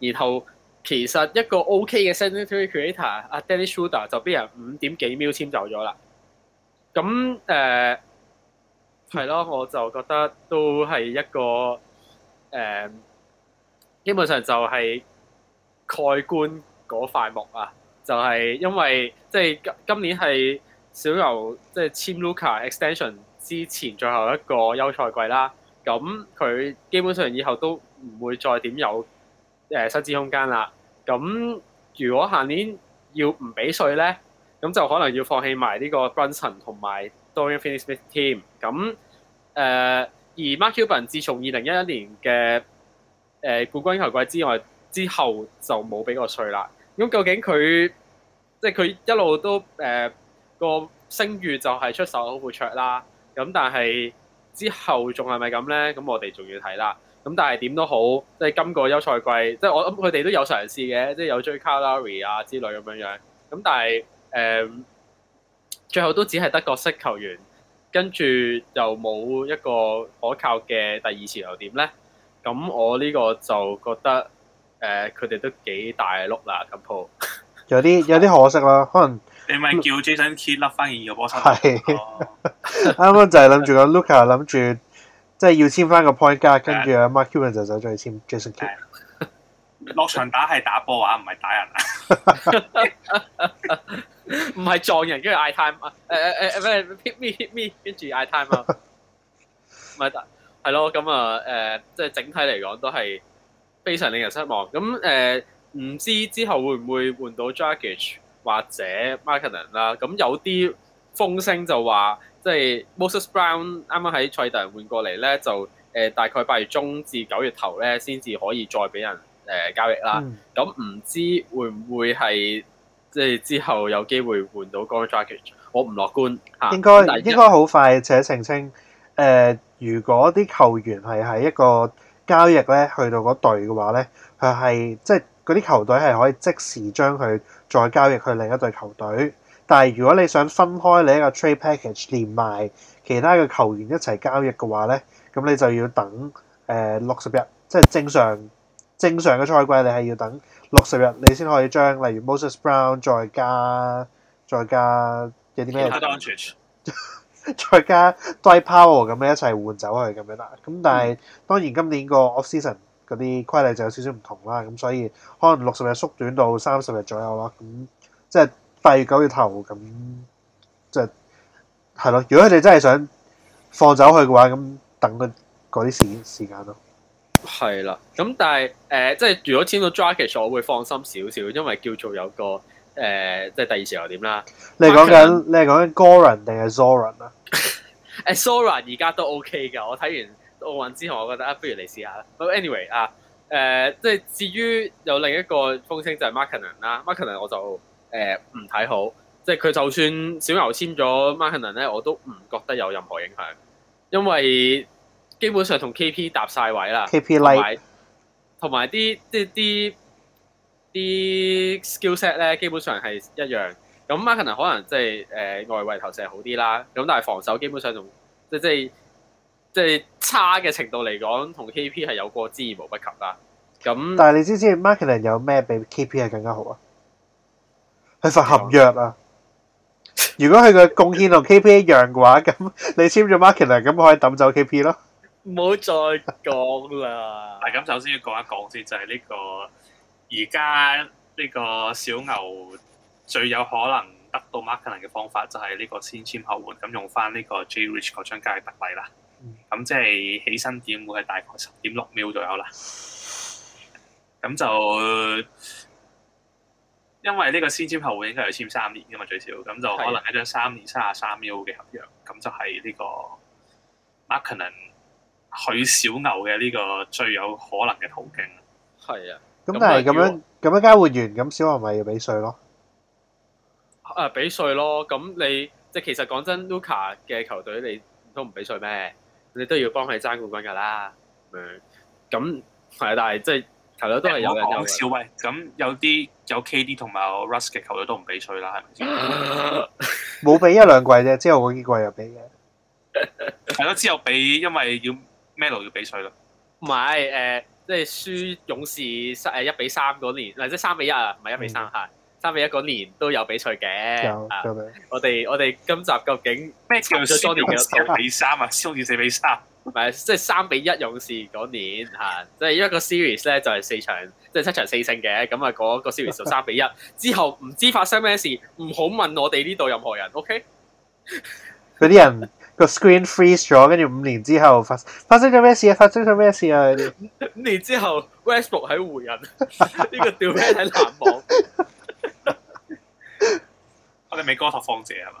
然後其實一個 O.K. 嘅 Secondary Creator 阿 Dennis Schröder 就俾人五點幾秒簽走咗啦。咁誒係咯，我就覺得都係一個誒、呃，基本上就係蓋棺嗰塊木啊。就係、是、因為即係今今年係小牛即係、就、簽、是、Luka Extension 之前最後一個休賽季啦。咁佢基本上以後都唔會再點有。誒，收支空間啦。咁如果下年要唔俾稅咧，咁就可能要放棄埋呢個 Brunson 同埋 Dorian Finney-Smith team。咁誒、呃，而 Mark Cuban 自從二零一一年嘅誒、呃、古軍冠軍球季之外之後就冇俾過稅啦。咁究竟佢即係佢一路都誒、呃那個聲譽就係出手好闊綽啦。咁但係之後仲係咪咁咧？咁我哋仲要睇啦。咁但係點都好，即係今個休賽季，即係我諗佢哋都有嘗試嘅，即係有追卡拉利啊之類咁樣樣。咁但係誒、嗯，最後都只係得角色球員，跟住又冇一個可靠嘅第二次球點咧。咁我呢個就覺得誒，佢、嗯、哋都幾大碌啦，咁鋪有啲有啲可惜啦， 可能你咪叫 Jason Kidd 笠翻件肉波衫，係啱啱就係諗住個 Luka 諗住。即係要簽翻個 point 加，跟住，阿 Mark Cuban 就走咗去簽 Jason King。落場打係打波啊，唔係打人啊，唔係撞人，跟住嗌 time，誒誒誒咩 hit me hit me，跟住嗌 time 啊，唔係，係咯，咁啊，誒，即係整體嚟講都係非常令人失望。咁誒，唔知之後會唔會換到 Jorge 或者 McKinnon 啦？咁有啲風聲就話。即係 Moses Brown 啱啱喺賽特換過嚟咧，就誒大概八月中至九月頭咧，先至可以再俾人誒交易啦。咁唔、嗯、知會唔會係即係之後有機會換到 Goran Dragic 我唔樂觀。應該、嗯、應該好快，且澄清誒、呃。如果啲球員係喺一個交易咧，去到嗰隊嘅話咧，佢係即係嗰啲球隊係可以即時將佢再交易去另一隊球隊。但係如果你想分開你一個 trade package 連埋其他嘅球員一齊交易嘅話咧，咁你就要等誒六十日，即係正常正常嘅賽季，你係要等六十日，你先可以將例如 Moses Brown 再加再加有啲咩？其他安全。再加 Dwight Powell 咁樣一齊換走佢咁樣啦。咁但係、嗯、當然今年個 Off Season 嗰啲規例就有少少唔同啦，咁所以可能六十日縮短到三十日左右啦。咁即係。第九月頭咁，就係、是、咯。如果佢哋真係想放走佢嘅話，咁等佢嗰啲時時間咯。係啦，咁但係誒、呃，即係如果簽到 Dragic 我會放心少少，因為叫做有個誒、呃，即係第二時又點啦。你係講緊你係講緊 Goran 定係 Zoran 啊？誒 ，Zoran 而家都 OK 噶，我睇完奧運之後，我覺得、啊、不如你試下啦。不過 anyway 啊，誒、呃，即係至於有另一個風聲就係、是、Markkanen 啦，Markkanen Mark 我就。誒唔睇好，即係佢就算小牛簽咗 Markkanen 呢，我都唔覺得有任何影響，因為基本上同 KP 搭晒位啦，KP like，同埋同埋啲啲啲啲 skillset 呢，基本上係一樣。咁 Markkanen 可能即係誒外圍投射好啲啦，咁但係防守基本上同即係即係即係差嘅程度嚟講，同 KP 係有過之而無不及啦。咁但係你知唔知 Markkanen 有咩比 KP 係更加好啊？係份合約啊！如果佢個貢獻同 K P 一樣嘅話，咁你簽咗 Markkanen，咁可以抌走 K P 咯。唔好再講啦。係咁，首先要講一講先，就係呢個而家呢個小牛最有可能得到 Markkanen 嘅方法，就係呢個先簽後換，咁用翻呢個 J Rich 嗰張交易特例啦。咁即係起薪點會係大概十點六秒左右啦。咁就。因為呢個先簽後換應該係簽三年噶嘛最少，咁就可能一張三年卅三 U 嘅合約，咁就係呢個 Markkanen 去小牛嘅呢個最有可能嘅途徑。係啊，咁但係咁樣咁樣交換完，咁小牛咪要俾稅咯？誒，俾稅咯？咁你即係其實講真 Luka 嘅球隊你都唔俾稅咩？你都要幫佢爭冠軍噶啦，咁係，但係即係。球隊都係有有少喂，咁有啲有 KD 同埋有 Russ 嘅球隊都唔俾賽啦，係咪先？冇俾一兩季啫，之後嗰幾季又俾嘅。係咯，之後俾，因為要 Melo 要比賽咯。唔係，誒，即係輸勇士三誒一比三嗰年，唔即三比一啊，唔係一比三吓，三比一嗰年都有比賽嘅。有，我哋我哋今集究竟咩？輸咗多年嘅一比三啊，輸咗四比三。唔係，即係三比一勇士嗰年吓，即係一個 series 咧就係、是、四場，即、就、係、是、七場四勝嘅，咁啊嗰個 series 就三比一之後，唔知發生咩事，唔好問我哋呢度任何人，OK？嗰啲人個 screen freeze 咗，跟住五年之後發生發生咗咩事啊？發生咗咩事啊？五年之後 Westbrook、ok、喺湖人，呢 個調翻喺籃網， 我哋美國托放姐係嘛？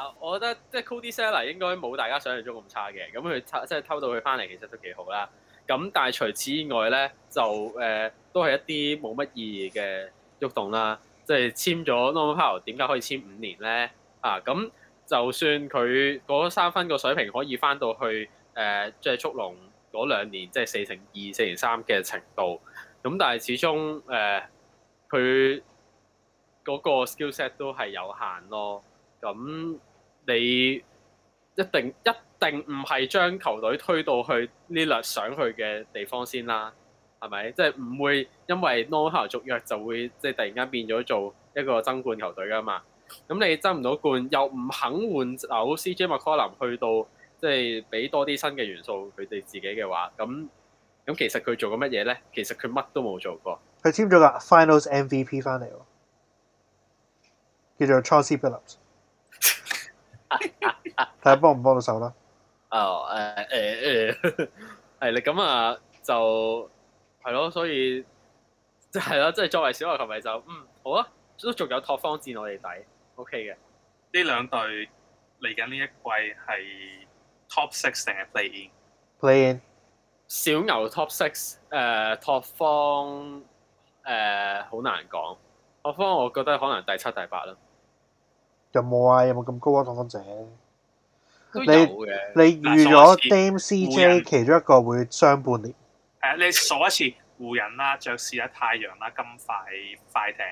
啊、我覺得即係 Cody Zeller 應該冇大家想象中咁差嘅，咁佢即係偷到佢翻嚟，其實都幾好啦。咁但係除此以外咧，就誒、呃、都係一啲冇乜意義嘅喐動啦。即係簽咗 Norman Powell，o 點解可以簽五年咧？啊，咁就算佢三分個水平可以翻到去誒，即、呃、係速龍嗰兩年，即係四成二、四成三嘅程度，咁但係始終誒佢嗰個 skill set 都係有限咯，咁。你一定一定唔係將球隊推到去呢兩想去嘅地方先啦，係咪？即係唔會因為拿下球續約就會即係、就是、突然間變咗做一個爭冠球隊噶嘛？咁你爭唔到冠又唔肯換，CJ McCollum 去到即係俾多啲新嘅元素佢哋自己嘅話，咁咁其實佢做嘅乜嘢咧？其實佢乜都冇做過。佢簽咗個 Finals MVP 翻嚟喎，叫做 Chauncey Billups。睇下幫唔幫到手啦。哦、oh, uh, uh, uh, uh, 誒誒誒，係你咁啊，就係咯，所以即係咯，即、就、係、是就是、作為小牛球迷就嗯好啊，都仲有拓荒戰我哋底，OK 嘅。呢兩隊嚟緊呢一季係 Top Six 定係 Play In？Play In。小牛 Top Six 誒、uh, uh,，拓荒，誒，好難講。拓荒我覺得可能第七、第八啦。有冇啊？有冇咁高啊？講講者，你是你預咗 Dame CJ 人其中一個會雙半年。誒，你數一次湖人啦、啊、爵士啦、太陽啦、啊、金塊快，快艇，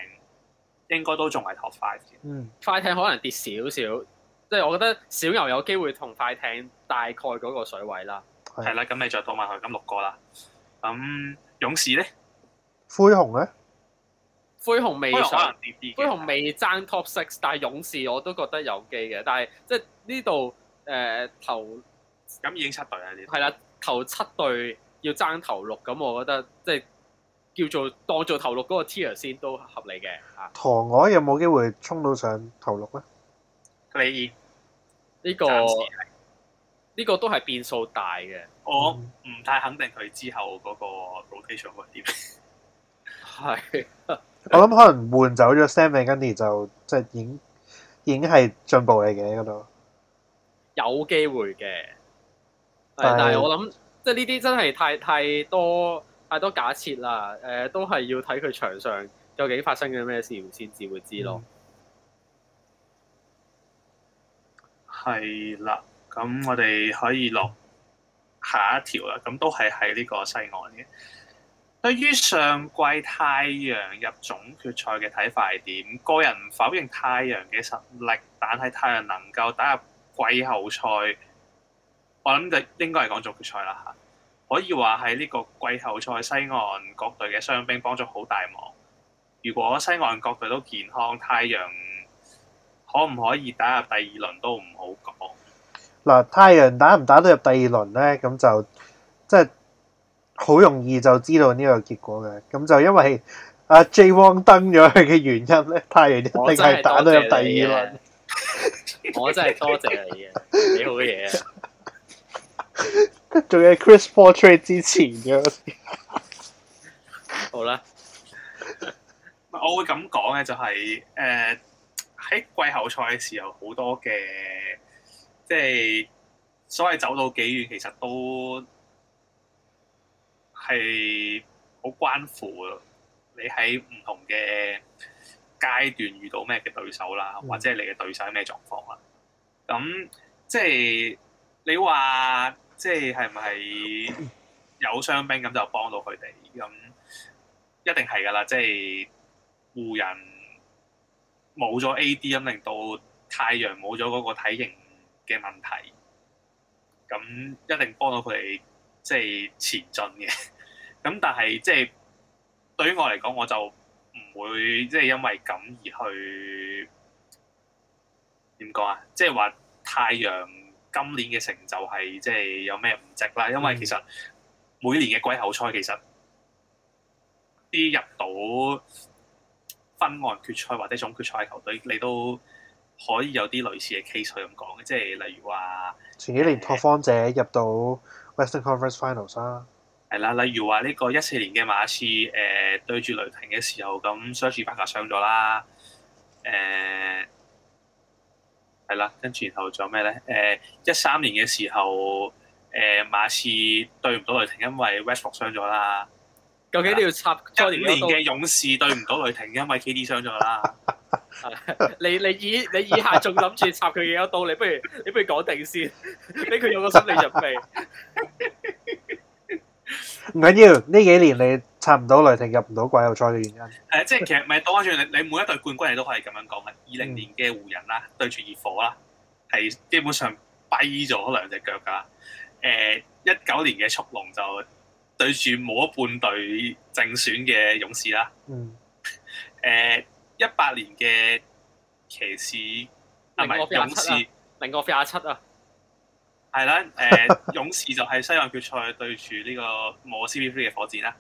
應該都仲係 Top Five 先。嗯，快艇可能跌少少，即、就、係、是、我覺得小牛有機會同快艇大概嗰個水位啦。係啦的，咁你再多埋佢，咁六個啦。咁勇士咧，灰熊咧。灰熊未上，灰熊未爭 top six，但係勇士我都覺得有機嘅。但係即係呢度誒頭咁已經七隊啊，呢係啦，頭七隊要爭頭六，咁我覺得即係叫做當做頭六嗰個 tier 先都合理嘅吓。唐、啊、安有冇機會衝到上頭六咧？你呢、呢個呢個都係變數大嘅。嗯、我唔太肯定佢之後嗰個 location 會點。我諗可能換走咗 Sammy 跟住，就即係已已經係進步嚟,嘅嗰度，有機會嘅。 但係我諗即係呢啲真係太太多太多假設啦。誒、呃，都係要睇佢場上究竟發生咗咩事先至會知道咯係啦、嗯，咁我哋可以落下，下一條啦。咁都係喺呢個西岸嘅，對於上季太陽入總決賽嘅睇法係點？個人唔否認太陽嘅實力，但係太陽能夠打入季後賽，我諗就應該係講總決賽啦吓。可以話喺呢個季後賽西岸各隊嘅傷兵幫咗好大忙。如果西岸各隊都健康，太陽可唔可以打入第二輪都唔好講。嗱，太陽打唔打到入第二輪呢？咁就即係。好容易就知道呢個結果嘅，咁就因為阿 J 汪登咗佢嘅原因咧，太陽一定係打到入第二輪。我真係多謝你嘅，幾 好嘅嘢啊！仲要 Chris Portrait 之前嘅，啊， 好啦。我會咁講嘅就係，是，誒、呃，喺季後賽嘅時候，好多嘅，即係所謂走到幾遠，其實都。係好關乎你喺唔同嘅階段遇到咩嘅對手啦，或者你嘅對手係咩狀況啦。咁即係你話即係係咪有傷兵咁就幫到佢哋？咁一定係㗎啦！即係湖人冇咗 A.D. 咁，令到太陽冇咗嗰個體型嘅問題，咁一定幫到佢哋即係前進嘅。咁但係即係對於我嚟講，我就唔會即係、就是、因為咁而去點講啊？即係話太陽今年嘅成就係即係有咩唔值啦？因為其實每年嘅季後賽其實啲入到分外決賽或者總決賽嘅球隊，你都可以有啲類似嘅 case 去咁講嘅，即、就、係、是、例如話前幾年拓荒者入到 Western Conference Finals 啊。係啦，例如話呢個一四年嘅馬刺，誒、呃、對住雷霆嘅時候，咁 Serge Ibaka 傷咗啦。誒，係啦，跟住然後仲有咩咧？誒、呃，一三年嘅時候，誒、呃、馬刺對唔到雷霆，因為 Westbrook 傷咗啦。呃、究竟你要插再年嘅勇士對唔到雷霆，因為 KD 傷咗啦。你你以你以下仲諗住插佢嘅有道理，不如你不如講定先，俾 佢有個心理準備。 唔緊要，呢幾年你插唔到雷霆入唔到季後賽嘅原因？誒，即係其實唔係倒翻你你每一隊冠軍你都可以咁樣講嘅。二零年嘅湖人啦，對住熱火啦，係基本上跛咗兩隻腳噶。誒，一九年嘅速龍就對住冇一半隊正選嘅勇士啦。嗯。誒，一八年嘅騎士啊，唔係勇士，另一個飛亞七啊。係啦，誒、 嗯、勇士就係西岸決賽對住呢個冇 CP3 嘅火箭啦，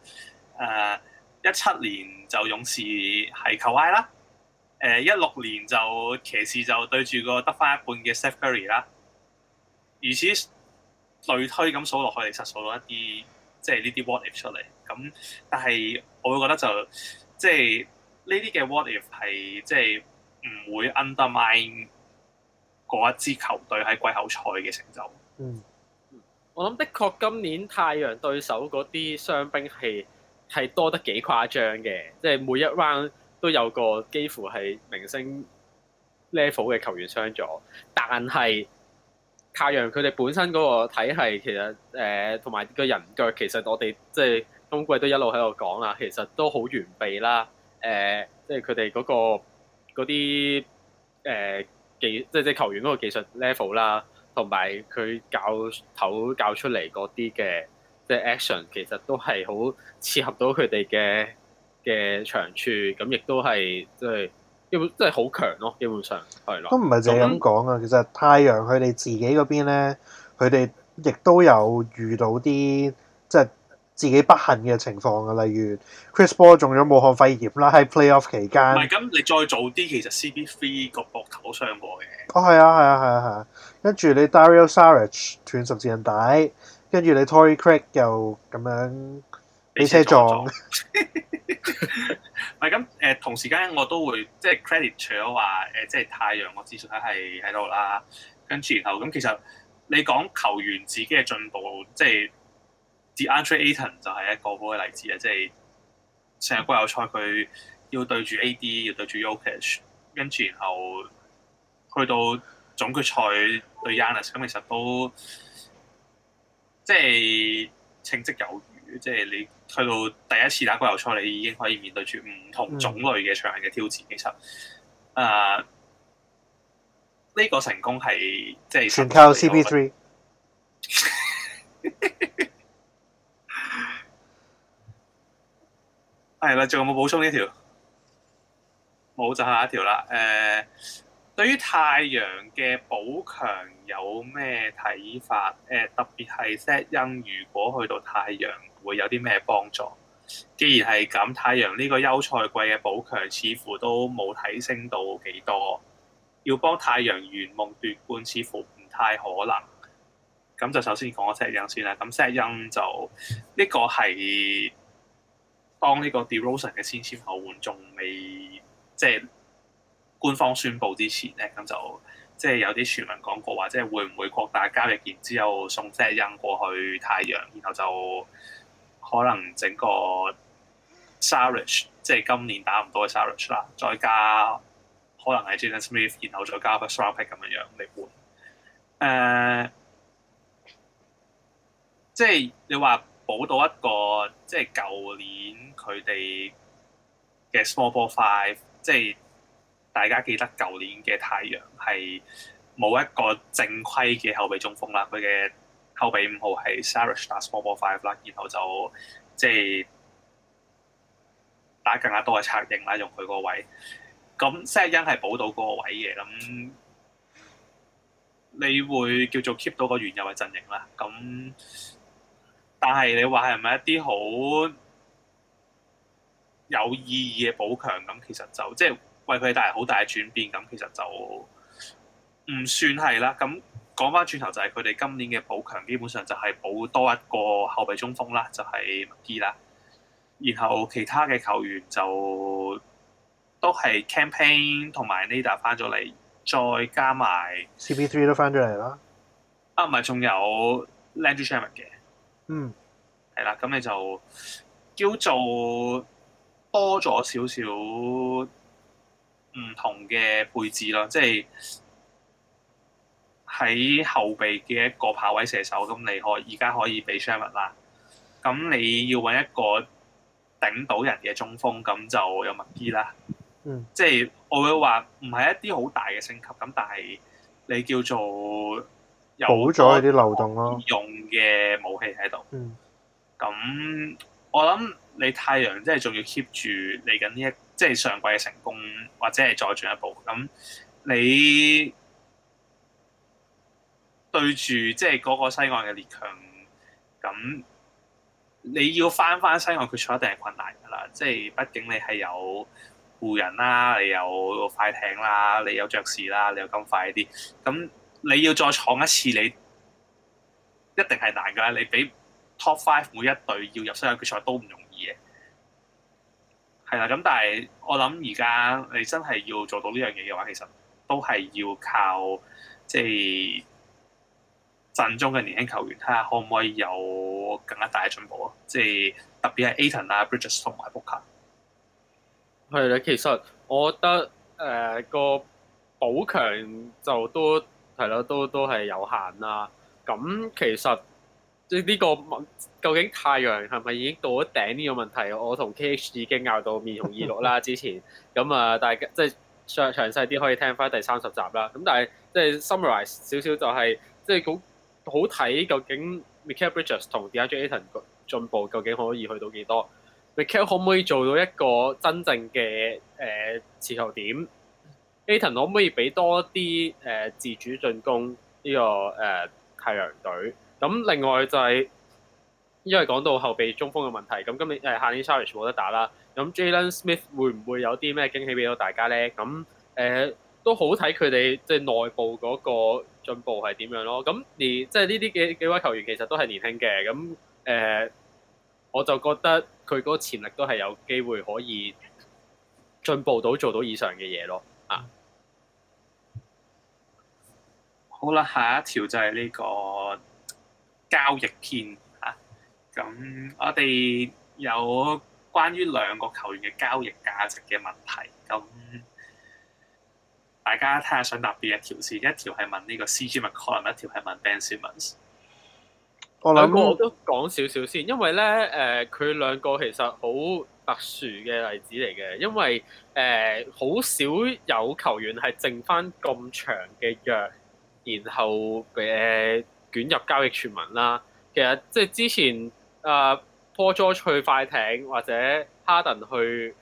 誒一七年就勇士係 Kawhi 啦，誒一六年就騎士就對住個得翻一半嘅 Steph Curry 啦，如此類推咁數落去，其實數到一啲即係呢啲 what if 出嚟，咁但係我會覺得就即係呢啲嘅 what if 係即係唔會 undermine。嗰一支球隊喺季後賽嘅成就，嗯，我諗的確今年太陽對手嗰啲傷兵係係多得幾誇張嘅，即係每一 round 都有個幾乎係明星 level 嘅球員傷咗，但係太陽佢哋本身嗰個體系其實誒，同埋個人腳其實我哋即係今季都一路喺度講啦，其實都好完備啦，誒、呃，即係佢哋嗰個嗰啲誒。技即係即係球員嗰個技術 level 啦，同埋佢教頭教出嚟嗰啲嘅即係 action，其實都係好切合到佢哋嘅嘅長處，咁亦都係即係基本真係好強咯。基本上係咯，都唔係就咁講啊。嗯、其實太陽佢哋自己嗰邊咧，佢哋亦都有遇到啲即係。即係自己不幸嘅情況啊，例如 Chris Paul 中咗武漢肺炎啦，喺 Playoff 期間。唔係咁，你再早啲，其實 CB Three 個膊頭傷過嘅。哦，係啊，係啊，係啊，係、啊。跟住你 Dario Saric 斷十字韌帶，跟住你 Torrey Craig 又咁樣被車撞。唔係咁，誒、 呃、同時間我都會即係 Credit 除咗話誒，即係、呃、太陽個技術係喺度啦。跟住然後咁，其實你講球員自己嘅進步，即係。Deandre Ayton 就係一個好嘅例子啊！即係成日季後賽佢要對住 AD，要對住 Jokic、ok、跟住然後去到總決賽對 Giannis，咁其實都即係稱職有餘。即、就、係、是、你去到第一次打季後賽，你已經可以面對住唔同種類嘅場嘅挑戰。嗯、其實啊，呢、呃這個成功係即係全靠 CP Three。 係啦，仲有冇補充呢條？冇就下一條啦。誒、呃，對於太陽嘅補強有咩睇法？誒、呃，特別係 set 音，如果去到太陽會有啲咩幫助？既然係咁，太陽呢個休賽季嘅補強似乎都冇提升到幾多，要幫太陽圓夢奪冠似乎唔太可能。咁就首先講、個 set 音先啦。咁 set 音就呢個係。當呢個 DeRozan 嘅先簽後換仲未即係官方宣佈之前咧，咁就即係有啲傳聞講過，或者會唔會擴大交易，然之後送 set i 過去太陽，然後就可能整個 salary 即係今年打唔到嘅 salary 啦，再加可能係 Jalen Smith，然後再加個 s t r u p e 咁樣樣嚟換誒、呃，即係你話。補到一個即係舊年佢哋嘅 small ball five，即係大家記得舊年嘅太陽係冇一個正規嘅後備中鋒啦，佢嘅後備五號係 Saric 打 small ball five 啦，然後就即係打更加多嘅策應啦，用佢個位。咁 s e 塞恩係補到嗰個位嘅，咁你會叫做 keep 到個原有嘅陣型啦，咁。但係你話係唔係一啲好有意義嘅補強，咁，其實就即係、就是、為佢哋帶嚟好大嘅轉變，咁，其實就唔算係啦。咁講翻轉頭就係佢哋今年嘅補強基本上就係補多一個後備中鋒啦，就係麥基啦。然後其他嘅球員就都係 campaign 同埋 Nida 翻咗嚟，再加埋 CP3 都翻咗嚟啦。啊，唔係仲有 Landry Shamet 嘅。嗯，係啦，咁你就叫做多咗少少唔同嘅配置咯，即係喺後備嘅一個跑位射手，咁你可而家可以俾 Shamet 啦。咁你要搵一個頂到人嘅中鋒，咁就有 McGee 啦。嗯，即係我會話唔係一啲好大嘅升級，咁但係你叫做。補咗啲漏洞咯，用嘅武器喺度。咁、嗯、我諗你太陽即係仲要 keep 住嚟緊呢一即係、就是、上季嘅成功，或者係再進一步。咁你對住即係嗰個西岸嘅列強，咁你要翻翻西岸佢就一定係困難噶啦。即係畢竟你係有湖人啦，你有快艇啦，你有爵士啦，你有金塊啲咁。你要再闖一次，你一定係難㗎啦！你俾 Top Five 每一隊要入西岸決賽都唔容易嘅，係啦。咁但係我諗而家你真係要做到呢樣嘢嘅話，其實都係要靠即係陣中嘅年輕球員，睇下可唔可以有更加大嘅進步咯。即係特別係 Ayton 啊、Bridges 同埋 Booker。係啦，其實我覺得誒、呃，那個補強就都～係咯，都都係有限啦。咁、嗯、其實即係、這、呢個問究竟太陽係咪已經到咗頂呢個問題，我同 KH 已經拗到面紅耳綠啦。之前咁啊，大、嗯、家即係長詳細啲可以聽翻第三十集啦。咁但係即係 summarize 少少就係、是、即係好好睇究竟 Mikal Bridges 同 Deandre Ayton 進步究竟可以去到幾多 Mikal 可唔可以做到一個真正嘅誒、呃、持球點。Ayton，可唔可以俾多啲誒自主進攻呢、這個誒太陽隊？咁另外就係、是、因為講到後備中鋒嘅問題，咁今年誒、呃、夏天 challenge 冇得打啦。咁 Jalen Smith 會唔會有啲咩驚喜俾到大家咧？咁誒、呃、都好睇佢哋即係內部嗰個進步係點樣咯。咁而即係呢啲幾幾位球員其實都係年輕嘅。咁誒、呃、我就覺得佢個潛力都係有機會可以進步到做到以上嘅嘢咯。好啦，下一條就係呢個交易篇嚇。咁、啊嗯、我哋有關於兩個球員嘅交易價值嘅問題，咁、嗯、大家睇下想答邊一條先？一條係問呢個 CJ 麥考林，一條係問 Ben Simmons。哦、兩個、嗯、我都講少少先，因為咧誒，佢、呃、兩個其實好特殊嘅例子嚟嘅，因為誒好、呃、少有球員係剩翻咁長嘅約。然後誒捲入交易傳聞啦，其實即係之前啊 PG 去快艇或者哈登去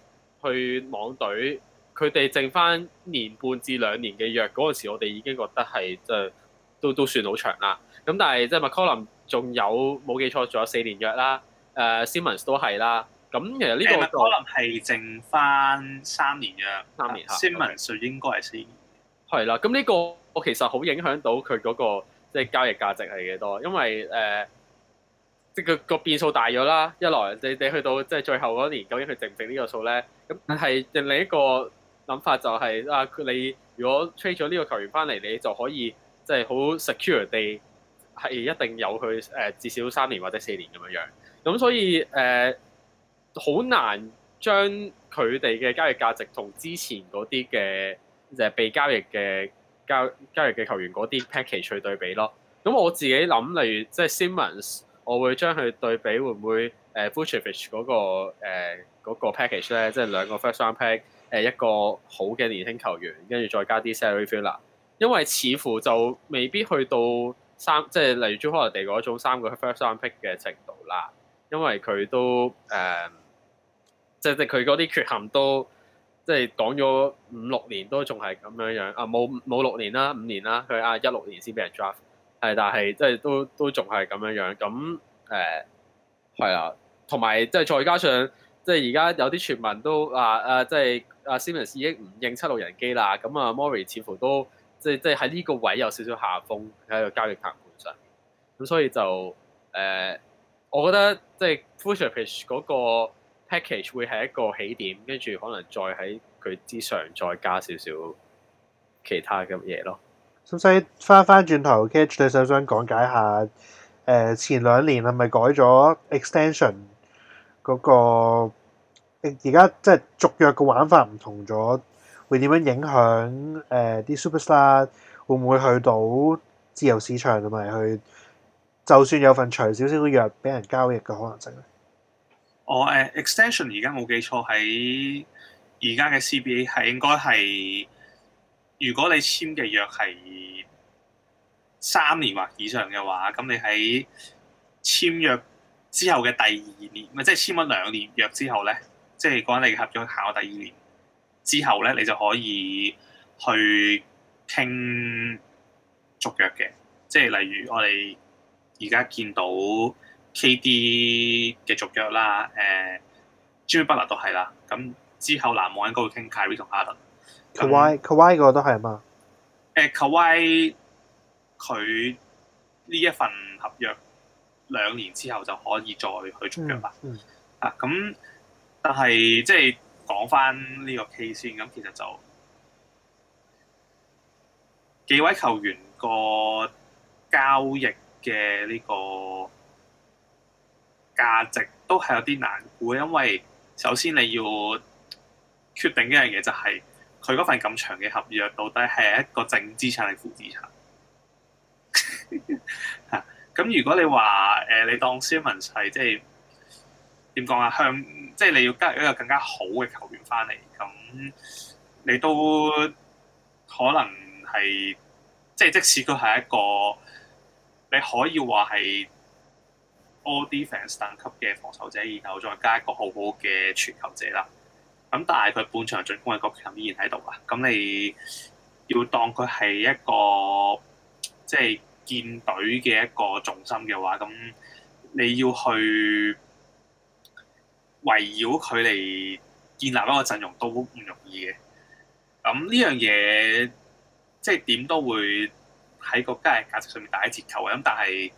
去網隊，佢哋剩翻年半至兩年嘅約，嗰、那、陣、個、時我哋已經覺得係就都都算好長啦。咁但係即係麥考林仲有冇記錯？仲有四年約、呃、啦。誒 Simmons 都係啦。咁其實呢個麥考林係剩翻三年約，三年嚇、啊。Simmons 應該係先係啦。咁呢、這個我其實好影響到佢嗰、那個即係交易價值係幾多，因為誒、呃、即係個個變數大咗啦。一來你你去到即係最後嗰年究竟佢值唔值呢個數咧？咁但係另一個諗法就係、是、啊，你如果 trade 咗呢個球員翻嚟，你就可以即係好 secure 地係一定有佢誒、呃、至少三年或者四年咁樣樣。咁所以誒好、呃、難將佢哋嘅交易價值同之前嗰啲嘅誒被交易嘅。教交易嘅球員嗰啲 package 去對比咯。咁我自己諗，例如即係 Simmons，我會將佢對比會唔會誒 Vucevic 嗰個,、uh, 個 package 咧，即係兩個 first round pick 誒、uh, 一個好嘅年輕球員，跟住再加啲 salary filler 因為似乎就未必去到三，即係例如 Jrue Holiday 地嗰種三個 first round pick 嘅程度啦。因為佢都誒，即係佢嗰啲缺陷都。即係講咗五六年都仲係咁樣樣啊，冇冇，六年啦，五年啦，佢啊一六年先俾人 draft 係，但係即係都都仲係咁樣樣，咁誒係啊，同埋即係再加上即係而家有啲傳聞都啊、就是、啊即係啊 Simmons 已經唔應七六人機啦，咁啊 Mori 似乎都即係即係喺呢個位有少少下風喺個交易談判上，咁所以就誒、呃、我覺得即係 FutureFish 嗰、嗰個。package 會係一個起點，跟住可能再喺佢之上再加少少其他嘅嘢咯。使唔使翻翻轉頭 p a c k a g 你想想講解下誒、呃、前兩年係咪改咗 extension 嗰、那個？而家即係續約嘅玩法唔同咗，會點樣影響誒啲、呃、superstar 會唔會去到自由市場，同埋去就算有份長少少嘅約俾人交易嘅可能性咧？Oh, uh, 我誒 extension 而家冇記錯，喺而家嘅 CBA 係應該係，如果你簽嘅約係三年或以上嘅話，咁你喺簽約之後嘅第二年，唔係即係簽咗兩年約之後咧，即係講你合約考第二年之後咧，你就可以去傾續約嘅，即係例如我哋而家見到。KD 嘅續約、呃、啦，誒 Jimmy Butler 都係啦，咁之後籃網應該會傾 Kyrie 同哈登。Kawhi，Kawhi au 個那都係嘛？誒 Kawhi 佢呢一份合約兩年之後就可以再去續約啦。嗯嗯、啊，咁但係即係講翻呢個 K 先，咁其實就幾位球員個交易嘅呢、這個。價值都係有啲難估，因為首先你要決定一樣嘢、就係，就係佢嗰份咁長嘅合約，到底係一個正資產定負資產？嚇、 啊！咁如果你話誒、呃，你當 Simmons 係即係點講啊？向即係你要加入一個更加好嘅球員翻嚟，咁你都可能係即係即使佢係一個你可以話係。All Defense 等級嘅防守者，然後再加一個好好嘅傳球者啦。咁但係佢半場進攻嘅局限依然喺度啊。咁你要當佢係一個即係建隊嘅一個重心嘅話，咁你要去圍繞佢嚟建立一個陣容都唔容易嘅。咁呢樣嘢即係點都會喺個交易價值上面打啲折扣嘅。咁但係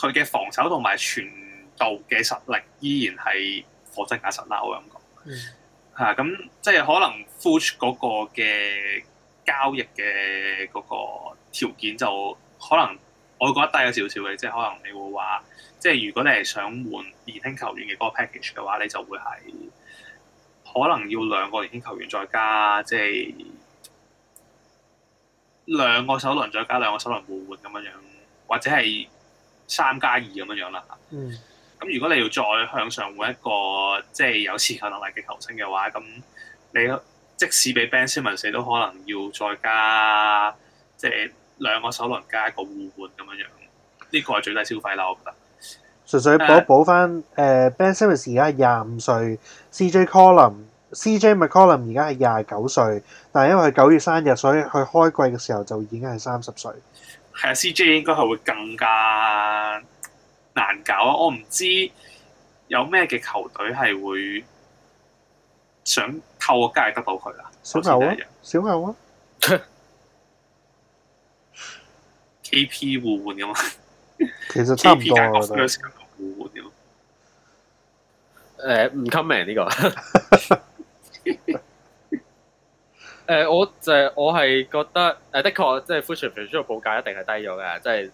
佢嘅防守同埋傳導嘅實力依然係貨真價實啦，我咁講。嗯，嚇咁、啊、即係可能 Fuchs 嗰個嘅交易嘅嗰個條件就可能我覺得低咗少少嘅，即係可能你會話，即係如果你係想換年輕球員嘅嗰個 package 嘅話，你就會係可能要兩個年輕球員再加即係兩個首輪再加兩個首輪互換咁樣樣，或者係。三加二咁樣樣啦嚇，咁、嗯、如果你要再向上換一個即係、就是、有持球能力嘅球星嘅話，咁你即使俾 Ben Simmons 都可能要再加即係兩個首輪加一個互換咁樣樣，呢、這個係最低消費啦，我覺得。純粹補補翻，誒 Ben Simmons 而家係廿五歲，CJ McCollum，CJ McCollum 而家係廿九歲，但係因為佢九月生日，所以佢開季嘅時候就已經係三十歲。係啊，CJ 應該係會更加難搞啊！我唔知有咩嘅球隊係會想透過交易得到佢啦。小牛啊，小牛啊 ，KP 互換噶嘛？其實差唔多啊。誒， 唔 comment 呢個。誒，我就係我係覺得，誒，的確，即係 Free Shipping 呢個報價一定係低咗嘅，即係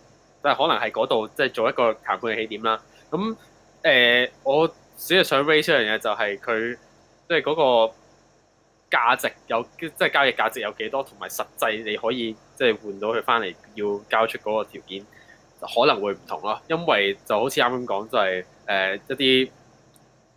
即係可能係嗰度，即係做一個談判嘅起點啦。咁誒、呃，我主要想 raise 一樣嘢就係佢，即係嗰個價值有，即、就、係、係、交易價值有幾多，同埋實際你可以即係換到佢翻嚟要交出嗰個條件，可能會唔同咯。因為就好似啱啱講就係、係、誒、呃、一啲。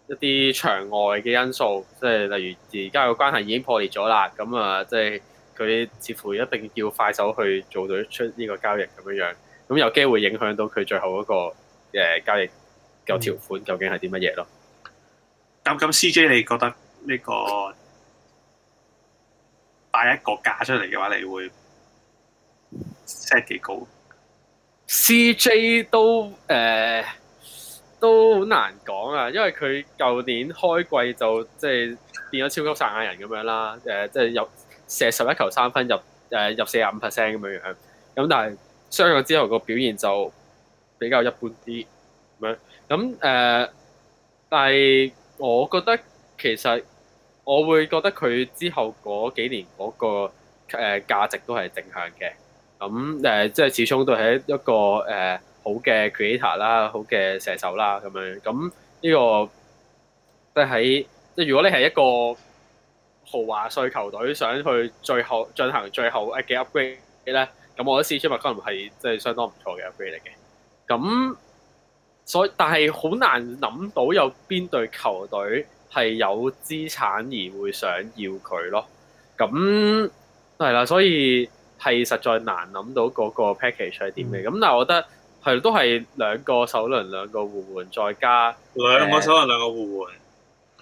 一啲場外嘅因素，即係例如而家個關係已經破裂咗啦，咁啊，即係佢似乎一定要快手去做到出呢個交易咁樣樣，咁有機會影響到佢最後嗰個、呃、交易嘅條款究竟係啲乜嘢咯。咁咁 CJ，你覺得呢、呢個擺一個價出嚟嘅話，你會 set 幾高 ？CJ 都誒。呃都好難講啊，因為佢舊年開季就即係、就是、變咗超級散眼人咁樣啦，誒即係入射十一球三分入誒、呃、入四十五 percent 咁樣樣，咁但係傷咗之後個表現就比較一般啲咁樣，咁誒、呃，但係我覺得其實我會覺得佢之後嗰幾年嗰、那個誒、呃、價值都係正向嘅，咁誒即係始終都係一個誒。呃好嘅 creator 啦，好嘅射手啦，咁樣。咁呢、個即係即係如果你係一個豪華稅球隊，想去最後進行最後一嘅 upgrade 咧，咁我覺得 CJ McCollum 即係相當唔錯嘅 upgrade 嚟嘅。咁所以但係好難諗到有邊隊球隊係有資產而會想要佢咯。咁係啦，所以係實在難諗到嗰個 package 係點嘅。咁但係我覺得。係，都係兩個首輪，兩個互換，再加兩個首輪，兩個互換，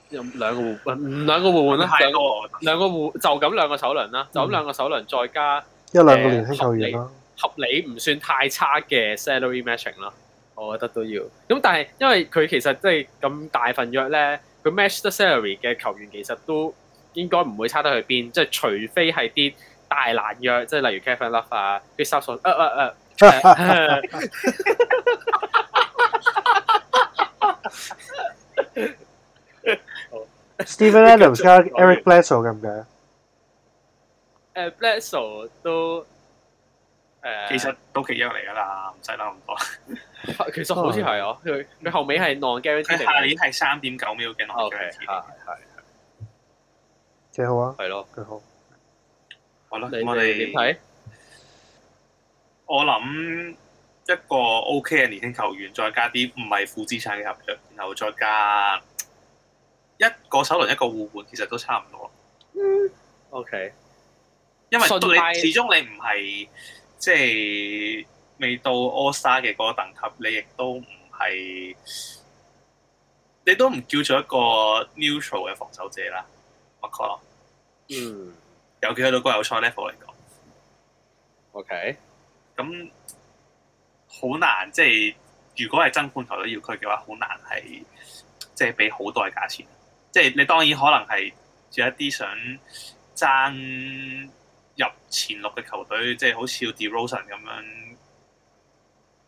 有兩個互換，唔兩個互換啦，兩個兩個互就咁兩個首輪啦，就咁兩個首輪，再加一兩個年輕球員咯，合理，合理唔算太差嘅 salary matching 咯，我覺得都要。咁但係因為佢其實即係咁大份約咧，佢 match the salary 嘅球員其實都應該唔會差得去邊，即係除非係啲大難約，即係例如 Kevin Love 啊，佢收數，誒誒誒。Stephen Adams 加 Eric Bledsoe，咁嘅？誒 Bledsoe 都誒，其實都幾樣嚟噶啦，唔使諗咁多。其實好似係哦，佢佢後尾係 non-guarantee。佢下年係三點九秒嘅 non-guarantee。O K，係係。幾好啊！係咯，幾好。好啦，你哋點睇？我諗一個 O.K. 嘅年輕球員，再加啲唔係負資產嘅合約，然後再加一個首輪一個互換，其實都差唔多。嗯，O.K. 因為對你始終你唔係即係未到 All Star 嘅嗰個等級，你亦都唔係你都唔叫做一個 Neutral 嘅防守者啦。我 call，嗯，尤其去到季後賽 level 嚟講，O.K. 咁好難，即係如果係爭冠球隊要佢嘅話，好難係即係俾好多嘅價錢。即係你當然可能係有一啲想爭入前六嘅球隊，即係好似 DeRozan 咁樣，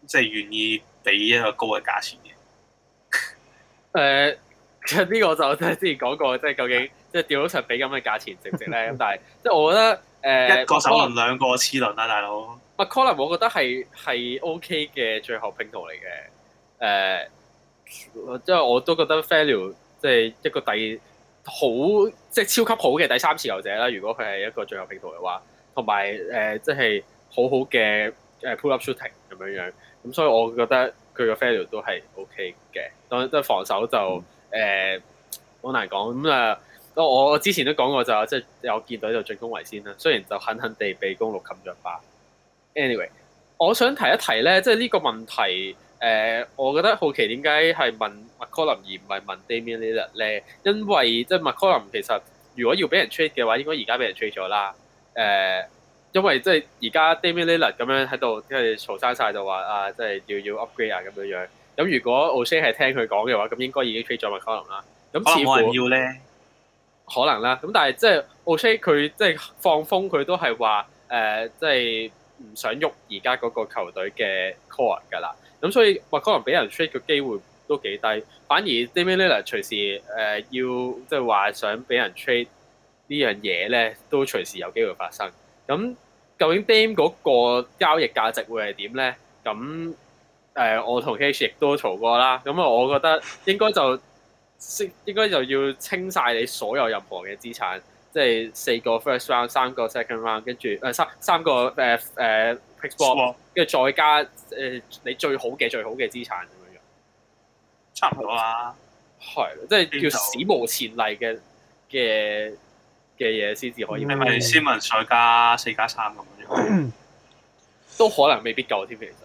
即係願意俾一個高嘅價錢嘅、呃。誒，其實呢個就即係之前講過，即係究竟即係 DeRozan 俾咁嘅價錢值唔值咧？咁 但係即係我覺得誒、呃、一個首輪兩個次輪啦，大佬。麥科林，我覺得係係 OK 嘅最後拼圖嚟嘅。誒、uh,，即係我都覺得 value 即係一個第好即係、就是、超級好嘅第三次遊者啦。如果佢係一個最後拼圖嘅話，同埋誒，即係好好嘅誒 pull up shooting 咁樣樣。咁所以我覺得佢個 value 都係 OK 嘅。當即係防守就誒好、嗯呃、難講咁啊！我之前都講過就即係有見到就度進攻為先啦。雖然就狠狠地被公路冚著巴。anyway，我想提一提咧，即係呢個問題。誒、呃，我覺得好奇點解係問麥科林而唔係問 Damian Lillard 咧？因為即係麥科林其實如果要俾人 trade 嘅話，應該而家俾人 trade 咗啦。誒，因為即係而家 Damian Lillard 咁樣喺度即係嘈生晒，就話啊，即係要要 upgrade 啊咁樣樣。咁如果 Oshay 係聽佢講嘅話，咁應該已經 trade 咗 m 麥科林啦。咁可能我唔要咧，可能啦。咁但係即係 Oshay 佢即係放風，佢都係話誒，即係。唔想喐而家嗰個球隊嘅 Core 嘅啦，咁所以麥可能 r 俾人 Trade 嘅機會都幾低，反而 Damian Lillard 隨時、呃、要即係話想俾人 Trade 呢樣嘢咧，都隨時有機會發生。咁究竟 Dam 嗰個交易價值會係點咧？咁誒、呃、我同 Kesh 亦都嘈過啦。咁啊，我覺得應該就清應該就要清晒你所有任何嘅資產。即係四個 first round，三個 second round，跟住誒三三個誒誒 pickball，跟住再加誒、uh, 你最好嘅最好嘅資產咁樣樣，差唔多啦。係，即係叫史無前例嘅嘅嘅嘢先至可以。係咪 Simon 再加四加三咁樣樣？都可能未必夠添，其實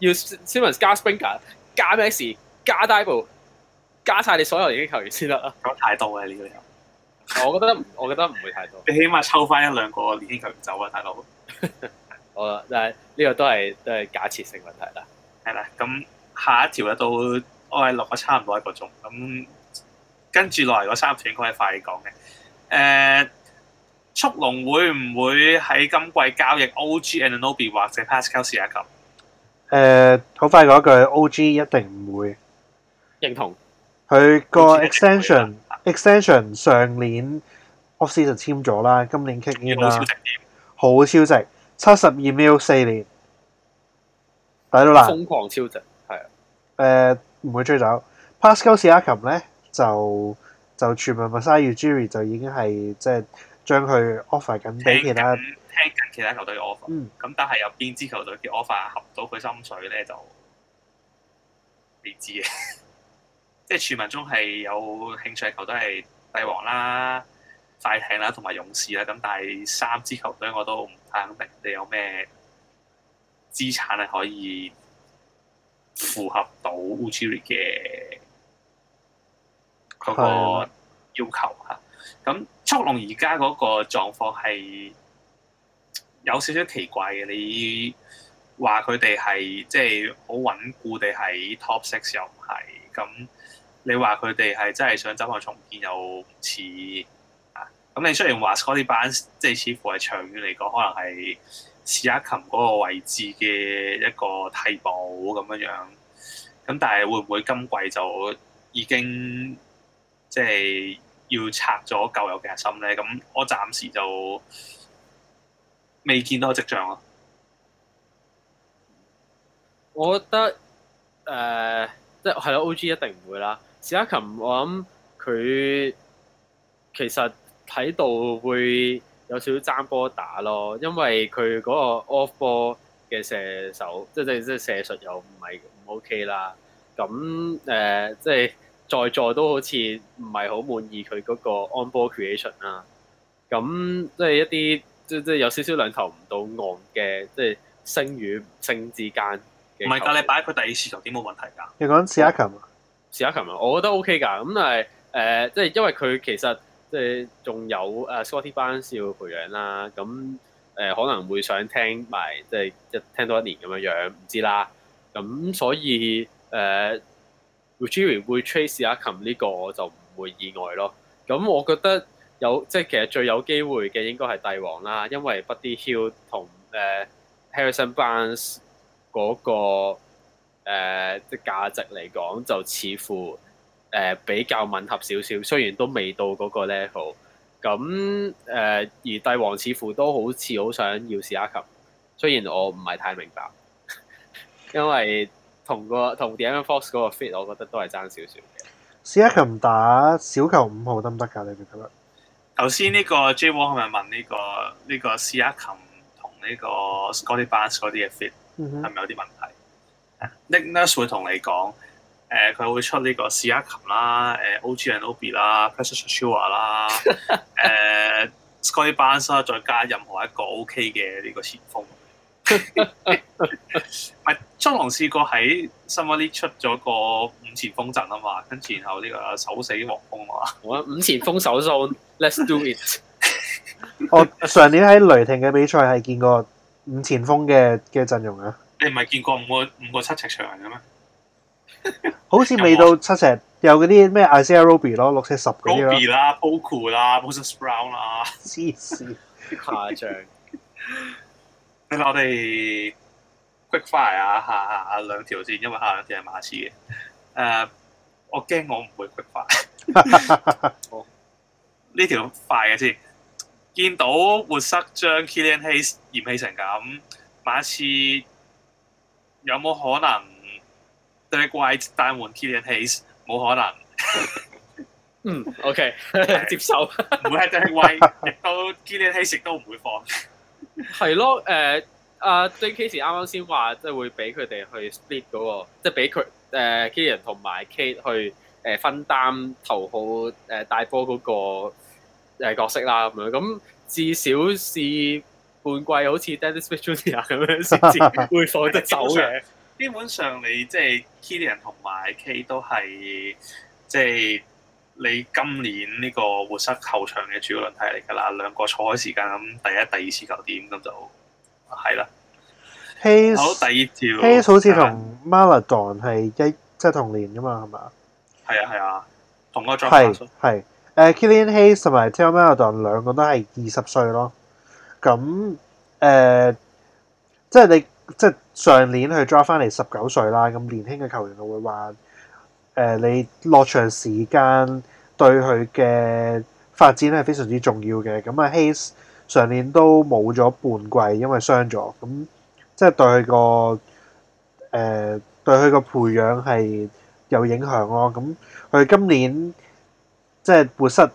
要 Simon 加 Springer 加咩事？加 double 加晒你所有嘅球員先得 啊！講太多啦呢個 我覺得我覺得唔會太多。你起碼抽翻一兩個年輕球員走啊，大佬。 好啦，但係呢個都係都係假設性問題啦。係啦， 咁下一條又到，我哋錄咗差唔多一個鐘，咁跟住落嚟三個三段講嘢快講嘅。誒、呃，速龍會唔會喺今季交易 OG Anunoby 或者 Pascal 試下咁？誒、呃，好快講一句，OG 一定唔會認同佢個 extension。extension 上年 offseason 簽咗啦，今年 king 啲啦，超好超值，七十二 mil 四年，抵到啦，瘋狂超值，係啊，唔、呃、會吹走。Pascal、Siakam 咧就就全民 Masai，而 Ujiri 就已經係即係、就、將、是、佢 offer 緊俾其他聽緊其他球隊嘅 offer，咁、嗯、但係有邊支球隊嘅 offer 合到佢心水咧就未知嘅。即係傳聞中係有興趣嘅球都係帝王啦、快艇啦、同埋勇士啦咁，但係三支球隊我都唔太肯定你有咩資產係可以符合到 Uchiri 嘅嗰個要求嚇。咁的速龍而家嗰個狀況係有少少奇怪嘅，你話佢哋係即係好穩固地喺 Top Six 又唔係咁。你話佢哋係真係想走去重建又唔似啊？咁你雖然話 Scottie Barnes 即係似乎係長遠嚟講可能係史阿琴嗰個位置嘅一個替補咁樣樣，咁但係會唔會今季就已經即係要拆咗舊有嘅核心咧？咁我暫時就未見到跡象咯。我覺得誒、呃，即係係啦，O G 一定唔會啦。史亞琴，我諗佢其實睇到會有少少爭波打咯，因為佢嗰個 off 波嘅射手，即係即係射術又唔係唔 OK 啦。咁誒、呃，即係在座都好似唔係好滿意佢嗰個 on b a 波 creation 啦。咁即係一啲即即係有少少兩頭唔到岸嘅，即係升與升之間。唔係，隔你擺佢第二次投點冇問題㗎。你講史亞琴。嗯 Siakam 啊！我覺得 OK 㗎，咁但係誒，即、呃、係、就是、因為佢其實即係仲有誒 Scottie Barnes 要培養啦，咁誒、呃、可能會想聽埋，即、就、係、是、一聽多一年咁樣的樣，唔知啦。咁所以誒，Richie、呃、會 tradeSiakam 呢個，就唔會意外咯。咁我覺得有即係、就是、其實最有機會嘅應該係帝王啦，因為 Buddy Hield 同誒、呃、Harrison Barnes 嗰個。誒，即、呃、價值嚟講就似乎誒、呃、比較吻合少少，雖然都未到嗰個 level。咁、呃、誒，而帝王似乎都好似好想要 Siakam，a um, 雖然我唔係太明白，因為同個同 De'Aaron Fox 嗰個 fit，我覺得都係爭少少嘅。Siakam 打小球五號得唔得㗎？你哋覺得？頭先呢個 J Wong 係咪問呢、呢個呢、呢個 Siakam 同呢個 Scottie Barnes 嗰啲嘅 fit 係咪有啲問題？n i k n a s 會同你講，誒，佢會出呢個 C 阿琴啦，誒，Og and Obi 啦，Pressure s u a 啦，誒，Sky b a n c 啦，再加任何一個 O K 嘅呢個前鋒，唔係張龍試過喺新溫尼出咗個五前鋒陣啊嘛，跟前後呢個手死黃蜂啊，我五前鋒手數，Let's do it。我上年喺雷霆嘅比賽係見過五前鋒嘅嘅陣容啊。你唔係見過五個五個七尺長嘅咩？ 好似未到七尺，有嗰啲咩 Isaiah Roby 咯，六尺十幾啦，包括啦，Moses Brown 啦，黐線，誇張 爬上。嚟 我哋 quick fire 啊，下下兩條先，因為下兩條係馬刺嘅。誒、uh，我驚我唔會 quick fire。呢 條 快嘅先，見到活塞將 Killian Hayes 嫌棄成咁，馬刺有冇可能？The White、Diamond、Killian Hayes，冇可能。嗯，OK，接受。唔會係真係威，亦都 Killian Hayes 都唔會放。係咯，誒，阿 Casey 啱啱先話，即係會俾佢哋去 split 嗰個，即係俾佢誒 Killian 同埋 Cade 去誒分擔頭號誒帶波嗰個誒角色啦。咁樣咁，至少是。半季好似 Dennis Smith Junior 咁樣，先至會放得走嘅。 基本上你即係 Killian 同埋 K, k 都係即係你今年呢個活塞後場嘅主要輪替嚟㗎啦。兩個錯開時間咁，第一第二次球點咁就係啦。Hayes 好第二次好似同 Maladon 係一即係、就是、同年㗎嘛？係咪？係啊係啊，同一個係係 Killian Hayes 同埋 Til Maladon 兩個都係二十歲咯。咁誒、呃，即係你即係上年去 draft 翻嚟十九歲啦。咁年輕嘅球員就會話：誒、呃，你落場時間對佢嘅發展係非常之重要嘅。咁啊，Hayes 上年都冇咗半季，因為傷咗，咁即係對佢個誒對佢個培養係有影響咯。咁佢今年即係活塞。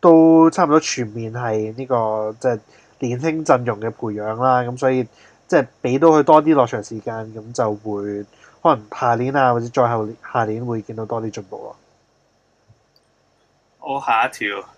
都差唔多全面係呢、這個即係、就是、年輕陣容嘅培養啦，咁所以即係俾到佢多啲落場時間，咁就會可能下年啊，或者再後年下年會見到多啲進步咯。好、哦，下一條，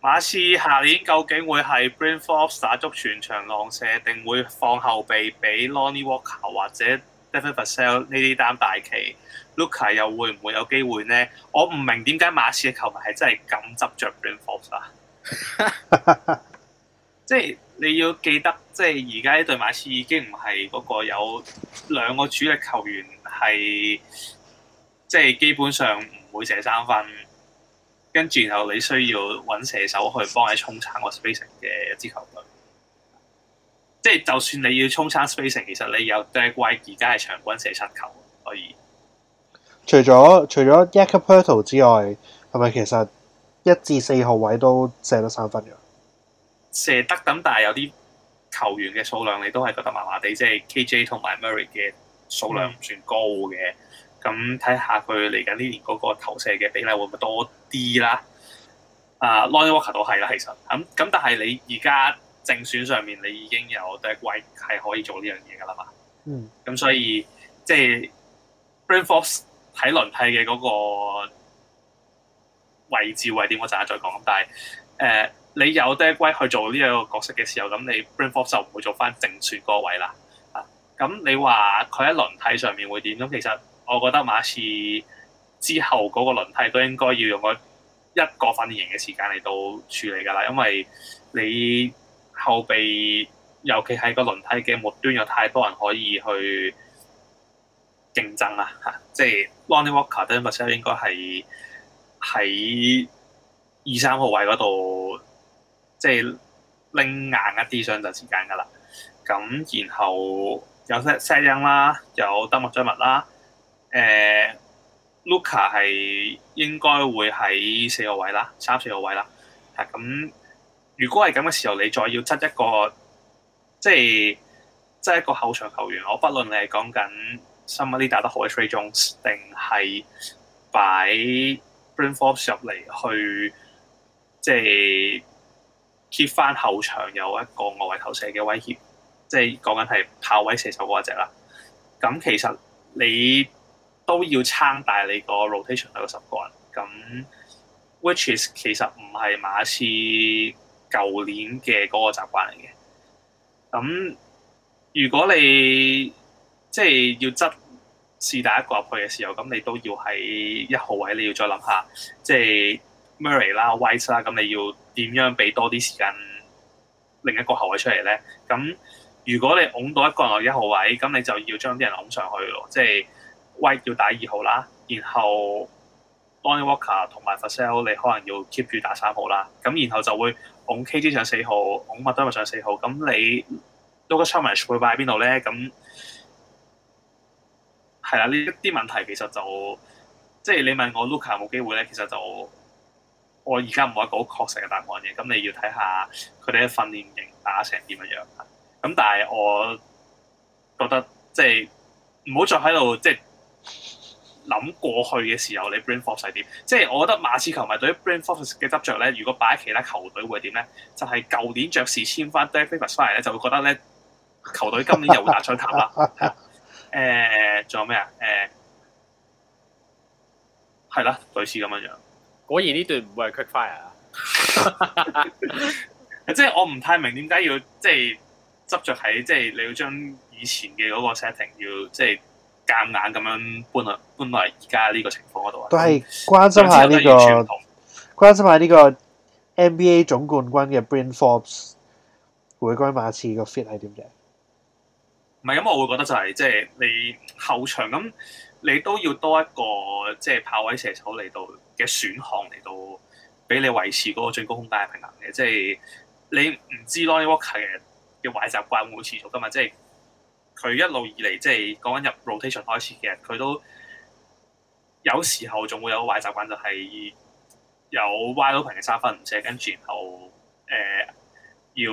馬刺，下年究竟會係 Bryn Forbes 打足全場浪射，定會放後備俾 Lonnie Walker 或者 Devin Vassell 呢啲擔大旗？Luka 又會唔會有機會呢？我唔明點解馬刺嘅球迷係真係咁執着 Bryn Forbes 啊！ 即係你要記得，即係而家呢隊馬刺已經唔係嗰個有兩個主力球員係即係基本上唔會射三分，跟住然後你需要揾射手去幫你衝撐個 spacing 嘅一支球隊。即係就算你要衝撐 spacing，其實你有 Dee White 而家係場均射七球可以。除咗除咗 Jakob Poeltl 之外，係咪其實一至四號位都射得三分嘅？射得，咁但係有啲球員嘅數量你都係覺得麻麻地，即、就、係、是、KJ 同埋 Murray 嘅數量唔算高嘅。咁睇、嗯、下佢嚟緊呢年嗰個投射嘅比例會唔會多啲啦？啊、呃、，Lonnie Walker 都係啦，其實咁咁，但係你而家正選上面你已經有 Derrick White 係可以做呢樣嘢噶啦嘛？嗯。咁所以即係、就是、Bryn Forbes。睇輪替嘅嗰個位置位點，我陣間再講。但係誒、呃，你有 Diego 去做呢一個角色嘅時候，咁你 bring force 就唔會做翻正選個位啦。啊，咁你話佢喺輪替上面會點？咁其實我覺得馬刺之後嗰個輪替都應該要用一個訓練營嘅時間嚟到處理㗎啦，因為你後備尤其係個輪替嘅末端有太多人可以去競爭啦。啊即係 Lonnie Walker，Devin Vassell 應該係喺二三號位嗰度，即係拎硬一啲上陣時間噶啦。咁然後有 Selling 啦，有 Doug McDermott 啦。誒，Luka 係應該會喺四個位啦，三四個位啦。咁如果係咁嘅時候，你再要執一個，即係即係一個後場球員，我不論你係講緊。新啲打得好嘅 trades 定係擺 Bryn Forbes 入嚟去即係 keep 翻後場有一個外圍投射嘅威脅，即係講緊係跑位射手嗰一隻啦。咁其實你都要撐大你個 rotation 有十個人，咁 which is 其實唔係馬刺舊年嘅嗰個習慣嚟嘅。咁如果你即係要執是第一個入去嘅時候，咁你都要喺一號位，你要再諗下，即係 Murray 啦、White 啦，咁你要點樣俾多啲時間另一個後位出嚟咧？咁如果你拱到一個人落一號位，咁你就要將啲人拱上去咯。即係 White 要打二號啦，然後 Lonnie Walker 同埋 Vassell 你可能要 keep 住打三號啦。咁然後就會拱 KJ 上四號，拱麥當麥上四號。咁你 Logan Thomas 會擺邊度咧？咁係啦，呢一啲問題其實就即係你問我 Luka 有冇機會咧，其實就我而家冇一個好確實嘅答案嘅。咁你要睇下佢哋嘅訓練營打成點樣樣。咁但係我覺得即係唔好再喺度即係諗過去嘅時候你 Bryn Forbes 係點？即係我覺得馬刺球迷對於 Bryn Forbes 嘅執着咧，如果擺喺其他球隊會點咧？就係、是、舊年爵士簽翻 Devin Booker 翻嚟咧，就會覺得咧球隊今年又會打窗談啦。 誒，仲、欸、有咩啊？誒、欸，係啦，類似咁樣樣，果然呢段唔會係 quick fire 啊！即係 我唔太明點解要即係執着喺即係你要將以前嘅嗰個 setting 要即係夾硬咁樣搬落搬落而家呢個情況嗰度啊？都係關心下呢、這個，關心下呢個 NBA 總冠軍嘅 Bryn Forbes 回歸馬刺個 fit 係點嘅？唔係，咁我會覺得就係、是、即係你後場咁，你都要多一個即係跑位射手嚟到嘅選項嚟到，俾你維持嗰個最高空間嘅平衡嘅。即係你唔知 Lonnie Walker 嘅嘅壞習慣會唔會持續噶嘛？即係佢一路以嚟，即係講緊入 rotation 開始嘅佢都有時候仲會有壞習慣，就係有 wide open 嘅三分唔射，跟住然後誒、呃、要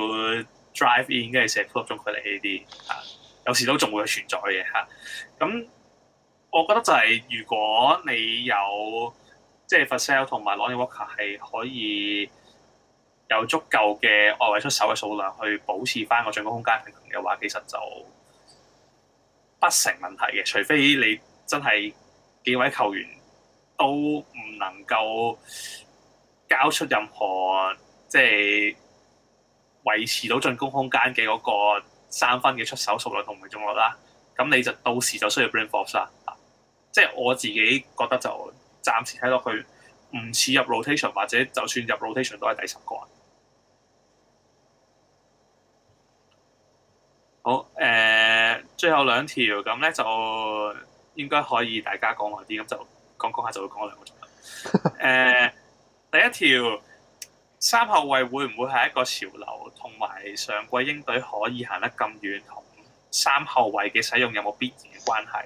drive in 跟住射 pull up 中距離 a 啲。嚇。有時都仲會存在嘅嚇，咁我覺得就係、是、如果你有即係、就是、Vassell 同埋 Lonnie Walker 係可以有足夠嘅外圍出手嘅數量去保持返個進攻空間平衡嘅話，其實就不成問題嘅。除非你真係幾位球員都唔能夠交出任何即係、就是、維持到進攻空間嘅嗰、那個三分嘅出手數量同命中率啦，咁你就到時就需要 brain force 啦、啊。即係我自己覺得就暫時睇落去唔似入 rotation，或者就算入 rotation 都係第十個。好，誒、呃，最後兩條咁咧，就應該可以大家講耐啲，咁就講講下就會講兩個鐘。誒，第一條三後衛會唔會係一個潮流？同埋上季英隊可以行得咁遠，同三後衛嘅使用有冇必然嘅關係？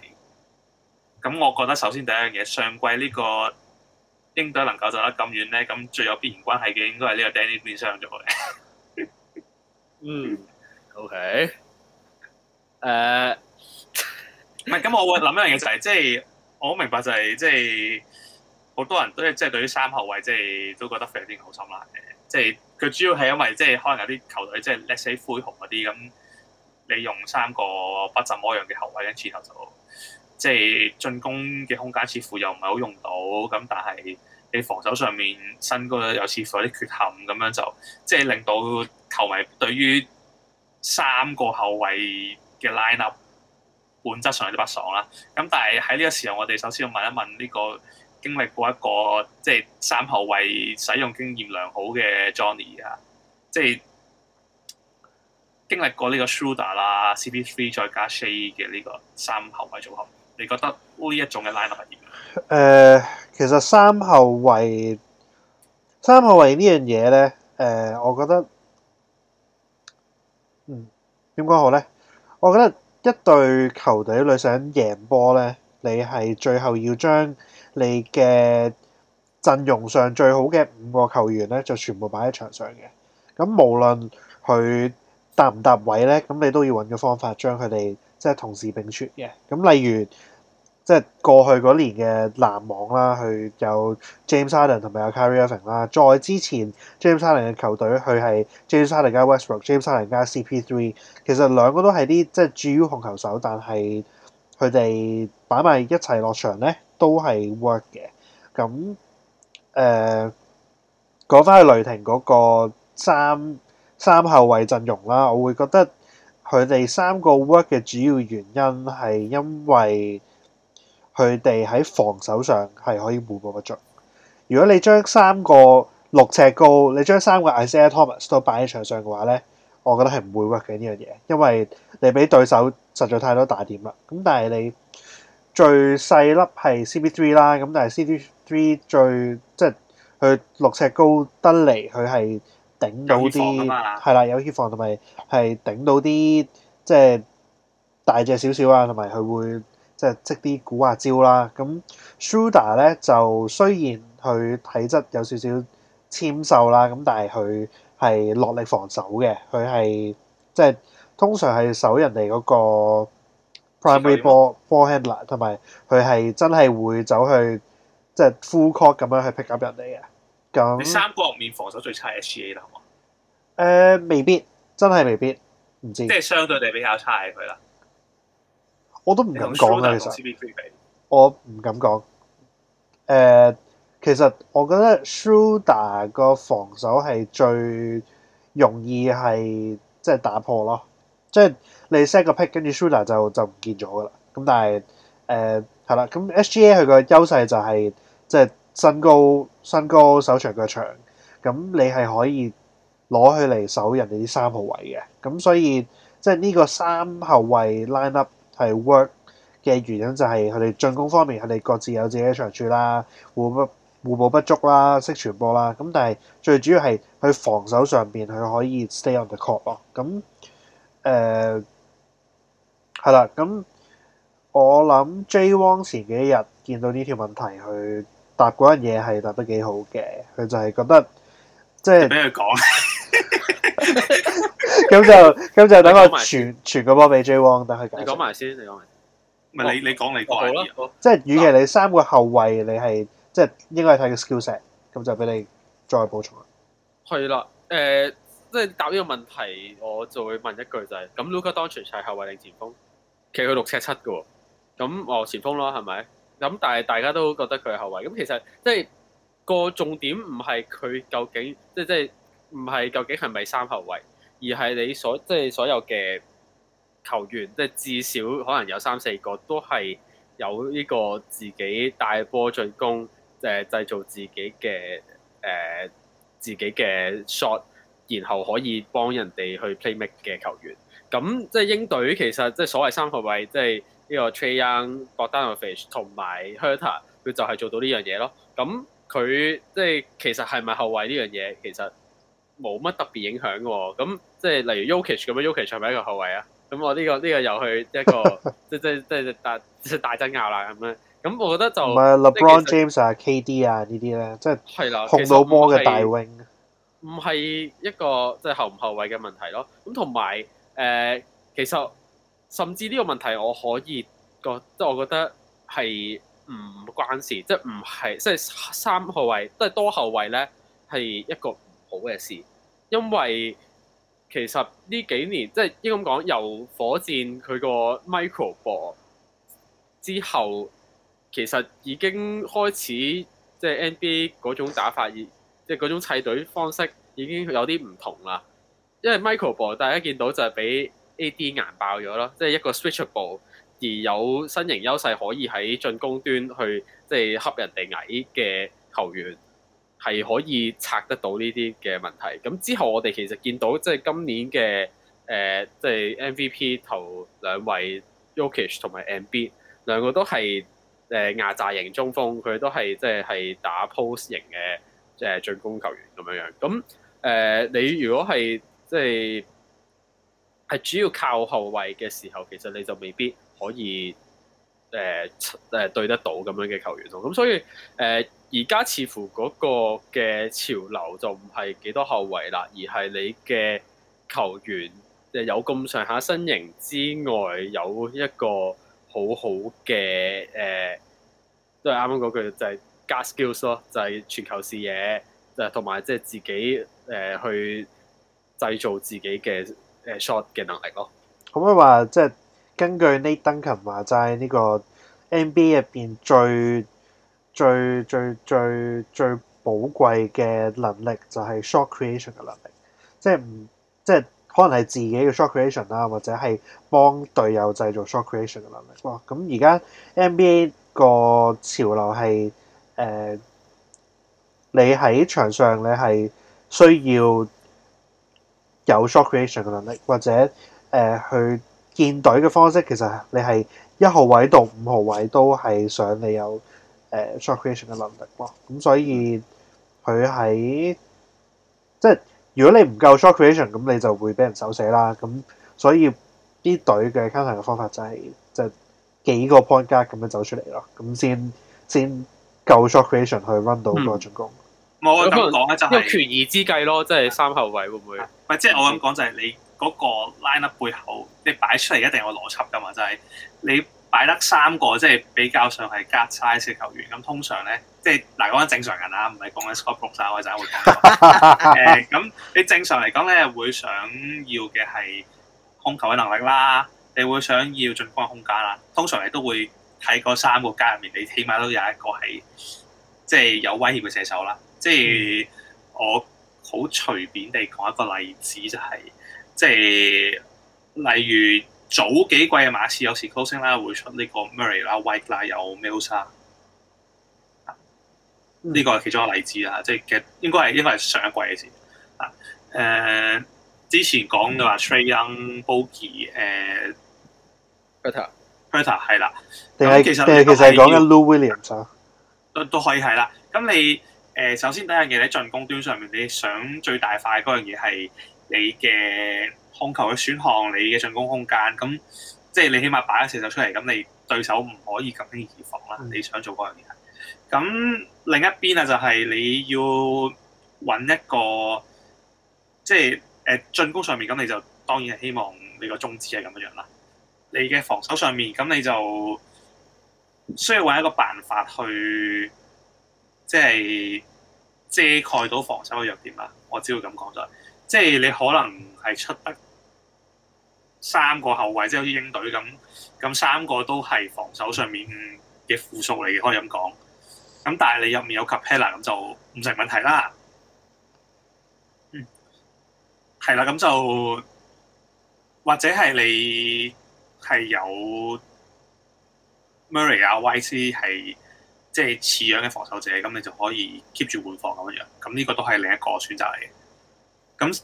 咁我覺得首先第一樣嘢，上季呢個英隊能夠走得咁遠呢，咁最有必然關係嘅應該係呢個 Danny 變傷咗嘅。嗯 mm，，OK、uh。 誒、就是，唔係咁，我會諗一樣嘢就係，即係我好明白就係、是，即、就、係、是。好多人都即係對於三後衞即係都覺得非常之嘔心嘅，即係佢主要係因為即係、就是、可能有啲球隊即係、就是、let's say 灰熊嗰啲咁，你用三個不怎麼樣嘅後衞，跟住頭就即、是、係進攻嘅空間似乎又唔係好用到，咁但係你防守上面身高有似乎有啲缺陷，咁樣就即係、就是、令到球迷對於三個後衞嘅 line up 本質上有啲不爽啦。咁但係喺呢個時候，我哋首先要問一問呢、這個。經歷過一個即係三後衛使用經驗良好嘅 Johnny 啊，即係經歷過呢個 Shooter 啦、CP3 再加 Shay 嘅呢個三後衛組合，你覺得呢一種嘅 line up 係點？誒、呃，其實三後衛三後衛呢樣嘢咧，誒、呃，我覺得嗯點講好咧？我覺得一隊球隊你想贏波咧，你係最後要將。你嘅陣容上最好嘅五個球員咧，就全部擺喺場上嘅。咁無論佢搭唔搭位咧，咁你都要揾個方法將佢哋即係同時並出嘅。咁 Yeah. 例如即係過去嗰年嘅籃網啦，佢有 James Harden 同埋阿 Kyrie Irving 啦。再之前 James Harden 嘅球隊，佢係 James Harden 加 Westbrook、ok，James Harden 加 CP Three，其實兩個都係啲即係主要控球手，但係佢哋擺埋一齊落場咧。都係 work 嘅，咁誒講翻去雷霆嗰個三三後衛陣容啦，我會覺得佢哋三個 work 嘅主要原因係因為佢哋喺防守上係可以互補不足。如果你將三個六尺高，你將三個 Isaiah Thomas 都擺喺場上嘅話咧，我覺得係唔會 work 嘅，呢樣嘢，因為你俾對手實在太多打點啦。咁但係你。最細粒係 CP3 啦，咁但係 CP3 最即係佢六尺高得嚟，佢係頂到啲係啦，有血防同埋係頂到啲即係大隻少少啊，同埋佢會即係即啲古惑招啦。咁 Shooter 咧就雖然佢體質有少少纖瘦啦，咁但係佢係落力防守嘅，佢係即係通常係守人哋、那、嗰個。primary ball ball handler 同埋佢係真係會走去即係、就是、full court 咁樣去 pick up 人哋嘅。咁你三個面防守最差 HA, S A 啦，好冇？誒，未必，真係未必，唔知。即係相對地比較差佢啦。我都唔敢講啦，其實。我唔敢講。誒、呃，其實我覺得 Shuda 個防守係最容易係即係打破咯，即、就、係、是。你 set 個 pick 跟住 shooter 就就唔見咗㗎啦，咁但係誒係啦，咁 SGA 佢個優勢就係即係身高身高手長腳長，咁你係可以攞佢嚟守人哋啲三號位嘅，咁所以即係呢個三後衞 line up 係 work 嘅原因就係佢哋進攻方面佢哋各自有自己嘅長處啦，互不互補不足啦，識傳波啦，咁但係最主要係佢防守上面佢可以 stay on the court 咯，咁、呃、誒。係啦，咁、嗯嗯、我諗 J 汪前幾日見到呢條問題，佢答嗰樣嘢係答得幾好嘅。佢就係覺得即係俾佢講，咁 就咁就等我傳傳個波俾 J 汪，等佢解。你講埋先，你講埋，咪你你講你講好即係與其你三個後衛，你係即係應該係睇個 skill set，咁就俾你再補充。係啦、嗯，誒、呃，即係答呢個問題，我就會問一句就係、是，咁 Luka 當傳齊後衛定前鋒？其實佢六尺七嘅喎，咁我、哦、前鋒咯，係咪？咁但係大家都覺得佢係後衞，咁其實即係個重點唔係佢究竟，即係即係唔係究竟係咪三後衞，而係你所即係所有嘅球員，即係至少可能有三四個都係有呢個自己帶波進攻，即係製造自己嘅誒、呃、自己嘅 shot，然後可以幫人哋去 play make 嘅球員。咁即係英隊，其實即係所謂三後衛，即係呢個 Trey Young、博丹諾維奇同埋 Herta，佢就係做到呢樣嘢咯。咁佢即係其實係咪後衛呢樣嘢，其實冇乜特別影響嘅。咁即係例如 Yokich 咁樣，Yokich 係咪一個後衛啊？咁我呢個呢個又去一個即即即大即大爭拗啦咁樣。咁我覺得就係 LeBron James 啊、KD 啊呢啲咧，即係係啦，碰到魔嘅大 wing 唔係一個即係後唔後衛嘅問題咯。咁同埋。誒，uh, 其實甚至呢個問題，我可以個即係我覺得係唔關事，即係唔係即係三號位，即係多後衞呢，係一個唔好嘅事，因為其實呢幾年即係應該咁講，由火箭佢個 Michael 博之後，其實已經開始即係 NBA 嗰種打法，即係嗰種砌隊方式已經有啲唔同啦。因為 Michael Ball，大家見到就係俾 AD 硬爆咗咯，即、就、係、是、一個 switchable 而有身形優勢可以喺進攻端去即係恰人哋矮嘅球員，係可以拆得到呢啲嘅問題。咁之後我哋其實見到即係、就是、今年嘅誒，即、呃、係、就是、MVP 頭兩位 Jokic 同埋 MB 兩個都係誒、呃、牙炸型中鋒，佢哋都係即係係打 post 型嘅即誒進攻球員咁樣樣。咁誒、呃，你如果係即係係主要靠後衞嘅時候，其實你就未必可以誒誒、呃呃、對得到咁樣嘅球員咯。咁、嗯、所以誒而家似乎嗰個嘅潮流就唔係幾多後衞啦，而係你嘅球員誒有咁上下身形之外，有一個好好嘅誒，都係啱啱嗰句就係加 skills 咯，就係、是、全球視野誒同埋即係自己誒、呃、去。製造自己嘅誒、呃、shot 嘅能力咯。可唔可以話即係根據 Nate Duncan 話齋呢個 NBA 入邊最最最最最寶貴嘅能力就係 shot creation 嘅能力，即係唔即係可能係自己嘅 shot creation 啦，或者係幫隊友製造 shot creation 嘅能力。哇！咁、嗯、而家 NBA 個潮流係誒、呃、你喺場上你係需要。有 short creation 嘅能力，或者誒、呃、去建隊嘅方式，其實你係一號位到五號位都係想你有誒 short creation 嘅能力咯。咁、哦嗯、所以佢喺即係如果你唔夠 short creation，咁你就會俾人守死啦。咁、嗯、所以啲隊嘅 counter 嘅方法就係即係幾個 point guard 咁樣走出嚟咯，咁先先夠 short creation 去 run 到個進攻。嗯我咁講咧就係、是、權宜之計咯，即、就、係、是、三後位會唔會？唔係即係我咁講就係、是、你嗰個 lineup 背後，你擺出嚟一定有邏輯噶嘛？就係、是、你擺得三個即係、就是、比較上係 guard size 嘅球員。咁通常咧，即係嗱，我、啊、講緊正常人啦，唔係講緊 scout 博或者會誒，咁、 啊、你正常嚟講咧，會想要嘅係控球嘅能力啦，你會想要進攻嘅空間啦。通常你都會喺嗰三個家入面，你起碼都有一個係即係有威脅嘅射手啦。即係我好隨便地講一個例子，就係即係例如早幾季嘅馬刺有時 closing 啦，會出呢個 Murray 啦、White 啦、有 Mills 啊。呢個係其中一個例子啦，即係嘅應該係應該係上一季嘅事啊。誒之前講嘅話，Trae、嗯、Young、啊、Boogie 誒，Peter Peter 係啦，定係誒其實係講緊 Lou Williams 啊，都都可以係啦。咁你？誒，首先第一樣嘢喺進攻端上面，你想最大化嘅嗰樣嘢係你嘅控球嘅選項，你嘅進攻空間，咁即係你起碼擺一隻射手出嚟，咁你對手唔可以咁輕易防啦。你想做嗰樣嘢。咁另一邊啊，就係你要揾一個，即係誒進攻上面，咁你就當然係希望你個宗旨係咁樣啦。你嘅防守上面，咁你就需要揾一個辦法去。即係遮蓋到防守嘅弱點啦，我只會咁講咗。即係你可能係出得三個後衞，即係好似英隊咁，咁三個都係防守上面嘅負數嚟，可以咁講。咁但係你入面有 Capella 咁就唔成問題啦。嗯，係啦，咁就或者係你係有 Murray 啊，YC 係。即係似樣嘅防守者，咁你就可以 keep 住換防咁樣，咁呢個都係另一個選擇嚟嘅。咁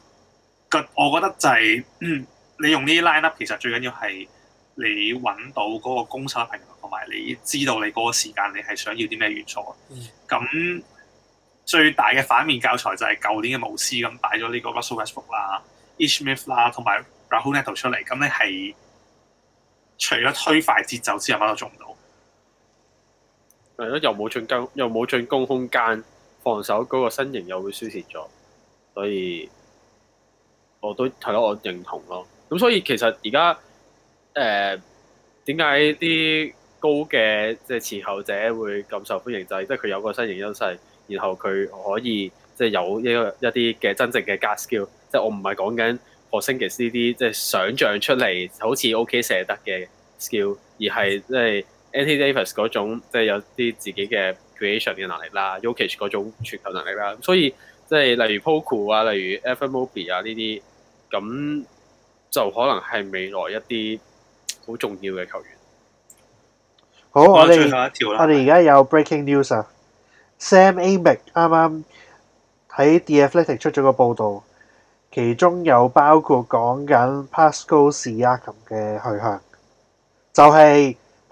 個我覺得就係、是嗯、你用呢啲 lineup，其實最緊要係你揾到個個攻守平衡，同埋你知道你個時間你係想要啲咩元素。咁、嗯、最大嘅反面教材就係舊年嘅巫師咁擺咗呢個 Russell Westbrook 啦、Ismael 啦同埋 Rahul Neto 出嚟，咁你係除咗推快節奏之外，乜都做唔到。係咯，又冇進攻，又冇進攻空間，防守嗰、那個身形又會舒蝕咗，所以我都睇到我認同咯。咁所以其實而家誒點解啲高嘅即係持後者會咁受歡迎，就係即係佢有個身形優勢，然後佢可以即係、就是、有一一啲嘅真正嘅 guard skill，即係我唔係講緊何星傑呢啲即係想像出嚟好似 OK 射得嘅 skill，而係即係。就是 Anthony Davis 嗰種即係有啲自己嘅 creation 嘅能力啦，Jokic 嗰種傳球能力啦，咁所以即係例如 Poku 啊，例如 Evan Mobley 啊呢啲，咁就可能係未來一啲好重要嘅球員。好，我哋最後一條啦。我哋而家有 Breaking News 啊是，Sam Amick 啱啱喺 The Athletic 出咗個報導，其中有包括講緊 Pascal Siakam、um、嘅去向，就係、是。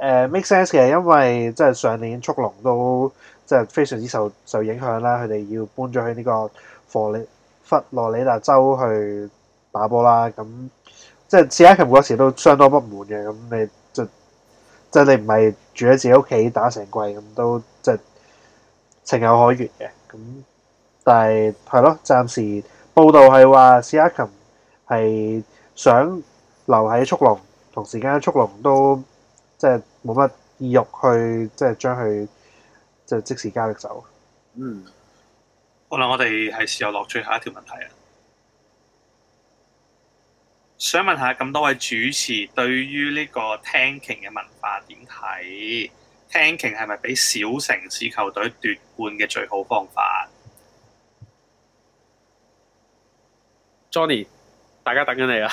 誒、uh, make sense 嘅，因為即係上年速龍都即係非常之受受影響啦，佢哋要搬咗去呢個佛里佛羅里達州去打波啦。咁即係史亞琴嗰時都相當不滿嘅。咁你就即係你唔係住喺自己屋企打成季，咁都即係情有可原嘅。咁但係係咯，暫時報道係話史亞琴係想留喺速龍，同時間速龍都。即係冇乜意欲去，即係將佢就即時交易走。嗯，好啦，我哋係時候落最後一條問題啦。想問下咁多位主持，對於呢個 tanking 嘅文化點睇？tanking 係咪俾小城市球隊奪冠嘅最好方法？Johnny，大家等緊你啊。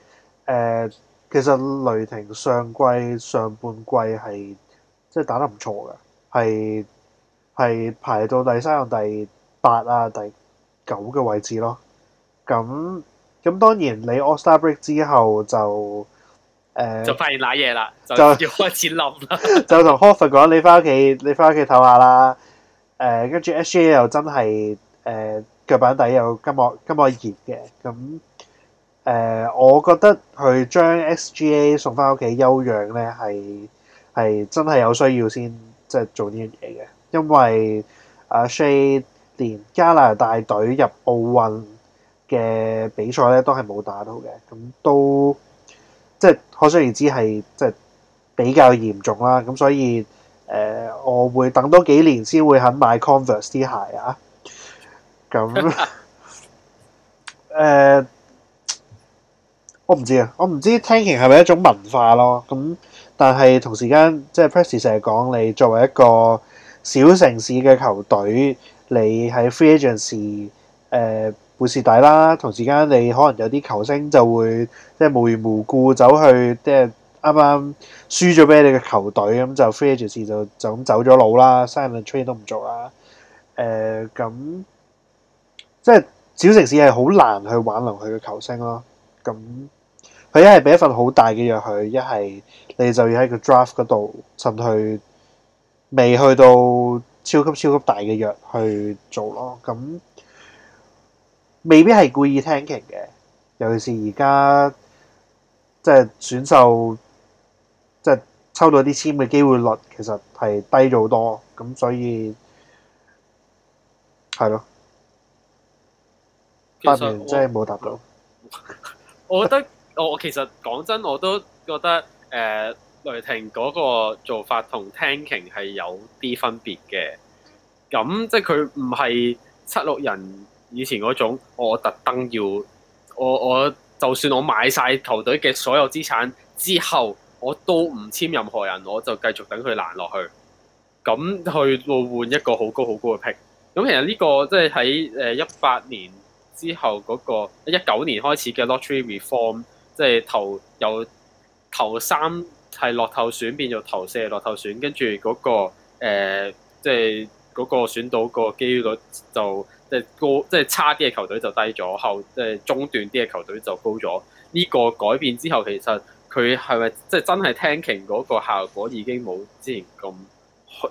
誒、呃，其實雷霆上季上半季係即係打得唔錯嘅，係係排到第三、同第八啊、第九嘅位置咯。咁咁當然你 All Star Break 之後就誒、呃、就發現瀨嘢啦，就要開始冧啦。 就同 Hoffman 講：你返屋企，你返屋企唞下啦。誒，跟住 SGA 又真係誒、呃、腳板底有金礦金礦熱嘅咁。誒、呃，我覺得佢將 SGA 送翻屋企休養咧，係係真係有需要先即係做呢樣嘢嘅，因為阿、啊、Shai 連加拿大隊入奧運嘅比賽咧都係冇打到嘅，咁都即係可想而知係即係比較嚴重啦。咁所以誒、呃，我會等多幾年先會肯買 Converse 啲鞋啊。咁誒。 呃我唔知啊，我唔知 tanking 係咪一種文化咯。咁但係同時間，即係 Presti 成日講你作為一個小城市嘅球隊，你喺 free agents、呃、誒會蝕底啦。同時間你可能有啲球星就會即係無緣無故走去，即係啱啱輸咗俾你嘅球隊，咁就 free agents 就就咁走咗佬啦 sign and trade 都唔做啦。誒、呃、咁即係小城市係好難去挽留佢嘅球星咯。咁佢一係俾一份好大嘅約佢，一係你就要喺個 draft 嗰度，甚至去未去到超級超級大嘅約去做咯。咁未必係故意聽旗嘅，尤其是而家即係選秀，即係抽到啲籤嘅機會率其實係低咗好多。咁所以係咯，八名真係冇答到。我覺得。我、哦、其實講真，我都覺得誒、呃、雷霆嗰個做法同 Tanking 係有啲分別嘅。咁即係佢唔係七六人以前嗰種，我特登要我我就算我買晒球隊嘅所有資產之後，我都唔簽任何人，我就繼續等佢攔落去，咁去到換一個好高好高嘅 Pick。咁其實呢、這個即係喺誒一八年之後嗰、那個一九年開始嘅 Lottery Reform。即係頭有頭三係落頭選變咗頭四落頭選，跟住嗰個誒，即係嗰個選到個機率，率就即係、就是、高，即、就、係、是、差啲嘅球隊就低咗，後即係、就是、中段啲嘅球隊就高咗。呢、這個改變之後，其實佢係咪即係真係 t 擎 ktanking 嗰個效果已經冇之前咁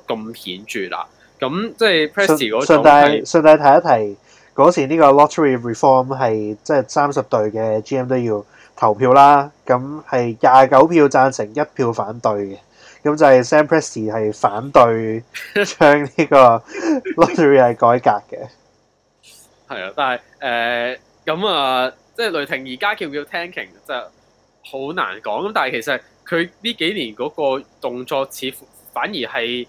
咁顯著啦？咁即係 Presti 嗰順，順帶順帶，順帶提一提嗰時呢個 Lottery Reform 係即係三十隊嘅 GM 都要。投票啦，咁係廿九票贊成，一票反對嘅，咁就係 Sam Presti 係反對將呢個 lottery 係改革嘅。係啊，但係誒咁啊，即係雷霆而家叫唔叫 tanking，就好難講。咁但係其實佢呢幾年嗰個動作，似乎反而係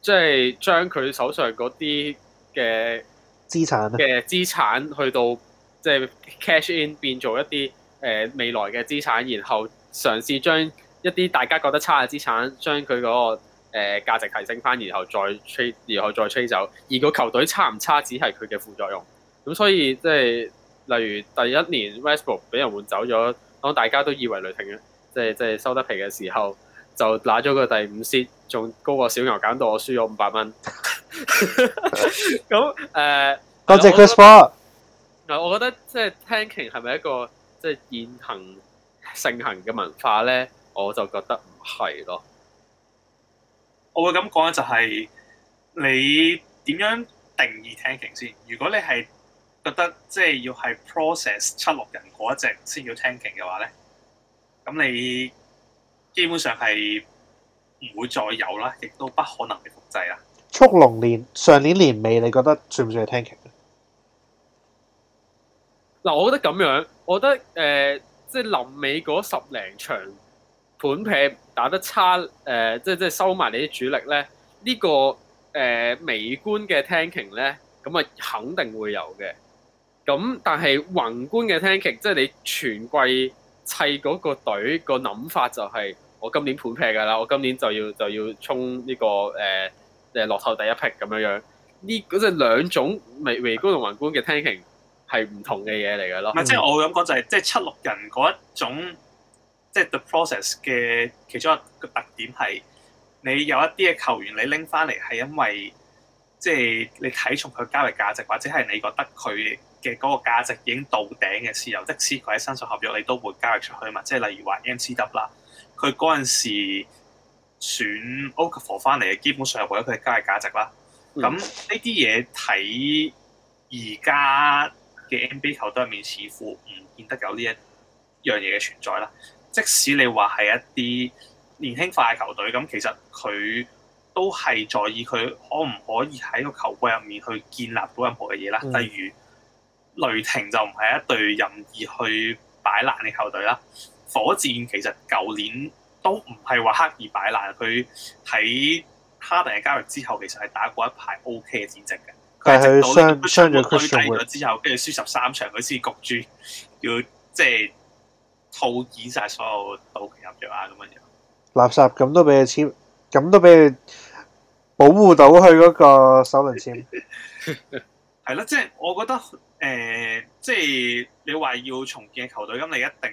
即係將佢手上嗰啲嘅資產嘅資產去到即係 cash in 變做一啲。誒、呃，未來嘅資產，然後嘗試將一啲大家覺得差嘅資產，將佢嗰、那個誒、呃、價值提升翻，然後再 trade，然後再 trade 走。而個球隊差唔差，只係佢嘅副作用。咁所以即、就、係、是，例如第一年 Westbrook 俾人換走咗，當大家都以為雷霆嘅，即係即係收得皮嘅時候，就拿咗個第五 seed，仲高過小牛揀到，我輸咗五百蚊。咁 誒，多、呃、謝 you , Chris Paul。我覺得即係、就是、tanking 係咪一個？即係現行盛行嘅文化咧，我就覺得唔係咯我會咁講咧，就係你點樣定義 tanking 先？如果你係覺得即係要係 process 七六人嗰一隻先要 tanking 嘅話咧，咁你基本上係唔會再有啦，亦都不可能嘅複製啦。速龍年上年年尾，你覺得算唔算係 tanking？嗱，我覺得咁樣，我覺得誒，即係臨尾嗰十零場盤劈打得差，誒，即係即係收埋你啲主力咧，呢個誒微觀嘅 tanking 咧，咁啊肯定會有嘅。咁但係宏觀嘅 tanking，即係你全季砌嗰個隊個諗法就係，我今年盤劈㗎啦，我今年就要就要衝呢個誒誒落後第一劈咁樣樣。呢嗰即係兩種微微觀同宏觀嘅 tanking。係唔同嘅嘢嚟嘅咯，唔係即係我咁講就係即係七六人嗰一種即係、就是、the process 嘅其中一個特點係你有一啲嘅球員你拎翻嚟係因為即係、就是、你睇重佢交易價值，或者係你覺得佢嘅嗰個價值已經到頂嘅時候，即使佢喺新秀合約你都會交易出去嘛。即係例如話 MCW 啦，佢嗰陣時選 Okafor 翻嚟嘅，基本上係為咗佢嘅交易價值啦。咁呢啲嘢睇而家嘅 NBA 球隊入面似乎唔見得有呢一樣嘢嘅存在啦。即使你話係一啲年輕化嘅球隊，咁其實佢都係在意佢可唔可以喺個球季入面去建立到任何嘅嘢啦。嗯、例如雷霆就唔係一隊任意去擺爛嘅球隊啦。火箭其實舊年都唔係話刻意擺爛，佢喺哈登嘅交易之後其實係打過一排 OK 嘅戰績嘅。佢係傷咗，佢低咗之後，跟住輸十三場，佢先焗住要即係、就是、套演晒所有到期合約啊咁樣。垃圾咁都俾佢簽，咁都俾佢保護到佢嗰個首輪簽。係啦，即係我覺得誒，即、呃、係、就是、你話要重建球隊，咁、嗯、你一定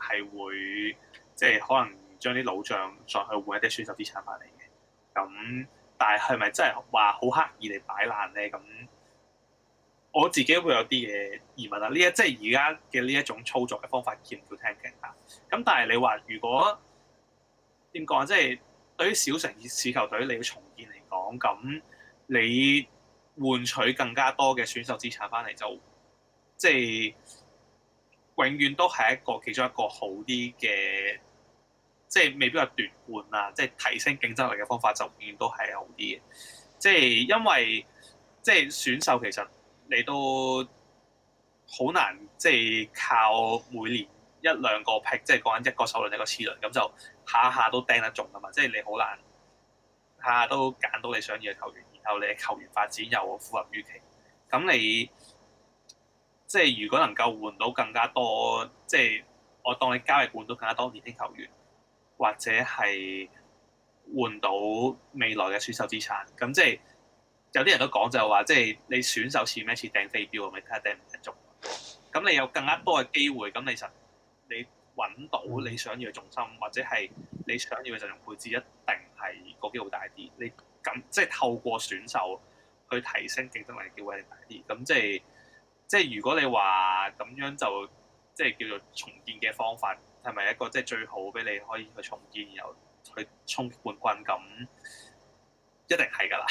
係會即係、就是、可能將啲老將再去換一啲選手資產翻嚟嘅。咁。但係係咪真係話好刻意嚟擺爛咧？咁我自己會有啲嘢疑問啊。呢一即係而家嘅呢一種操作嘅方法聽，欠唔堅定啊？咁但係你話如果點講？即係、就是、對於小城市球隊你要重建嚟講，咁你換取更加多嘅選手資產翻嚟，就即、是、係永遠都係一個其中一個好啲嘅。即係未必話奪冠啊！即係提升競爭力嘅方法就永遠都係好啲嘅。即係因為即係選秀其實你都好難，即係靠每年一兩個 pick，即係講緊一個首輪一個次輪，咁就下下都掟得中啊嘛！即係你好難下下都揀到你想要嘅球員，然後你嘅球員發展又符合預期。咁你即係如果能夠換到更加多，即係我當你交易換到更加多年輕球員。或者係換到未來嘅選手資產，咁即係有啲人都講就話，即係你選手似咩似掟飛鏢，咪睇下掟唔得中。咁你有更加多嘅機會，咁你實你揾到你想要嘅重心，或者係你想要嘅陣容配置，一定係個機會大啲。你咁即係透過選手去提升競爭力機會係大啲。咁即係即係如果你話咁樣就即係叫做重建嘅方法。係咪一個即係最好俾你可以去重建，然後去衝冠軍咁？一定係噶啦！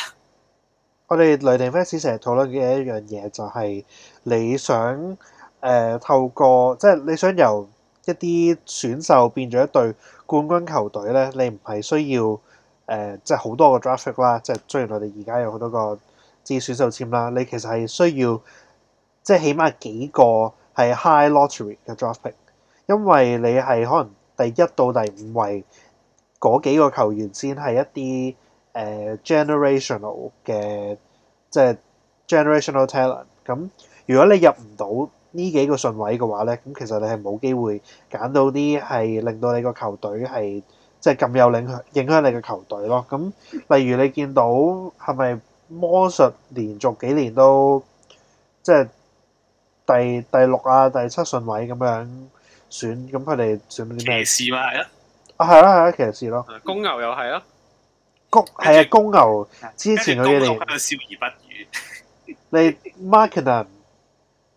我哋雷霆 fans 成日討論嘅一樣嘢就係，你想誒、呃、透過即係你想由一啲選秀變咗一隊冠軍球隊咧，你唔係需要誒、呃、即係好多個 draft pick 啦，即係雖然我哋而家有好多個自選秀籤啦，你其實係需要即係起碼幾個係 high lottery 嘅 draft pick。因為你係可能第一到第五位嗰幾個球員先係一啲誒 generational 嘅，即係 generational talent。咁如果你入唔到呢幾個順位嘅話咧，咁其實你係冇機會揀到啲係令到你個球隊係即係咁有影響影響你嘅球隊咯。咁例如你見到係咪魔術連續幾年都即係第第六啊、第七順位咁樣？選咁佢哋選啲咩？騎士嘛係咯，啊係啦係啦騎士咯，公牛又係咯，公係啊著公牛之前佢哋笑而不語。 你 Markkanen，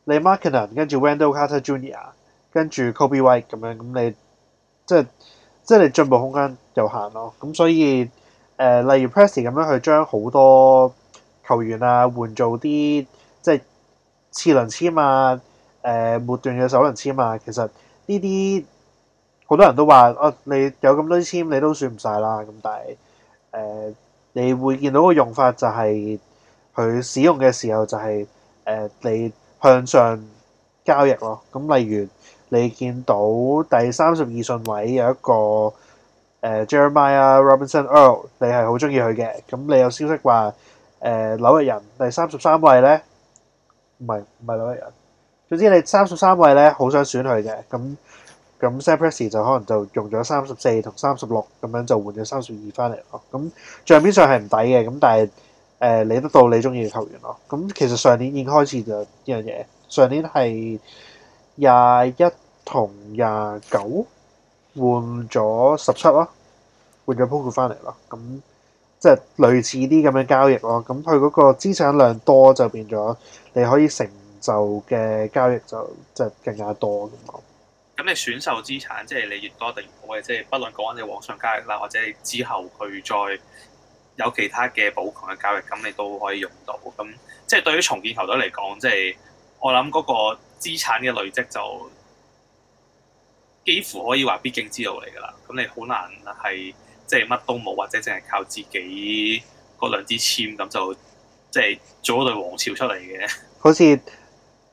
你 Markkanen 跟住 Wendell Carter Jr. 跟住 Coby White 咁樣，咁你即係即係你進步空間有限咯。咁所以誒、呃、例如 Presti 咁樣去將好多球員啊，換做啲即係次輪籤啊、誒末段嘅首輪籤啊其實。呢啲好多人都話，哦，你有咁多簽，你都算唔晒啦。咁但係誒，你會見到個用法就係佢使用嘅時候就係誒，你向上交易咯。咁例如你見到第三十二順位有一個誒，Jeremiah Robinson Earl，你係好中意佢嘅。咁你有消息話誒，紐約人第三十三位咧，唔係唔係紐約人。總之，你三十三位咧，好想選佢嘅，咁咁 Spurs 就可能就用咗三十四同三十六咁樣就換咗三十二翻嚟咯。咁帳面上係唔抵嘅，咁但係誒你得到你中意嘅球員咯。咁其實上年已經開始咗呢樣嘢，上年係廿一同廿九換咗十七咯，換咗 Poke 翻嚟咯。咁即係類似啲咁樣交易咯。咁佢嗰個資產量多就變咗你可以成就嘅交易就即係更加多，咁你選秀資產即係、就是、你越多定唔好嘅，即係不論講緊你往上交易啦，或者你之後佢再有其他嘅補強嘅交易，咁你都可以用到。咁即係對於重建球隊嚟講，即、就、係、是、我諗嗰個資產嘅累積就幾乎可以話必經之路嚟噶啦。咁你好難係即係乜都冇，或者淨係靠自己嗰兩支簽，咁就即係、就是、做咗對王朝出嚟嘅，好似。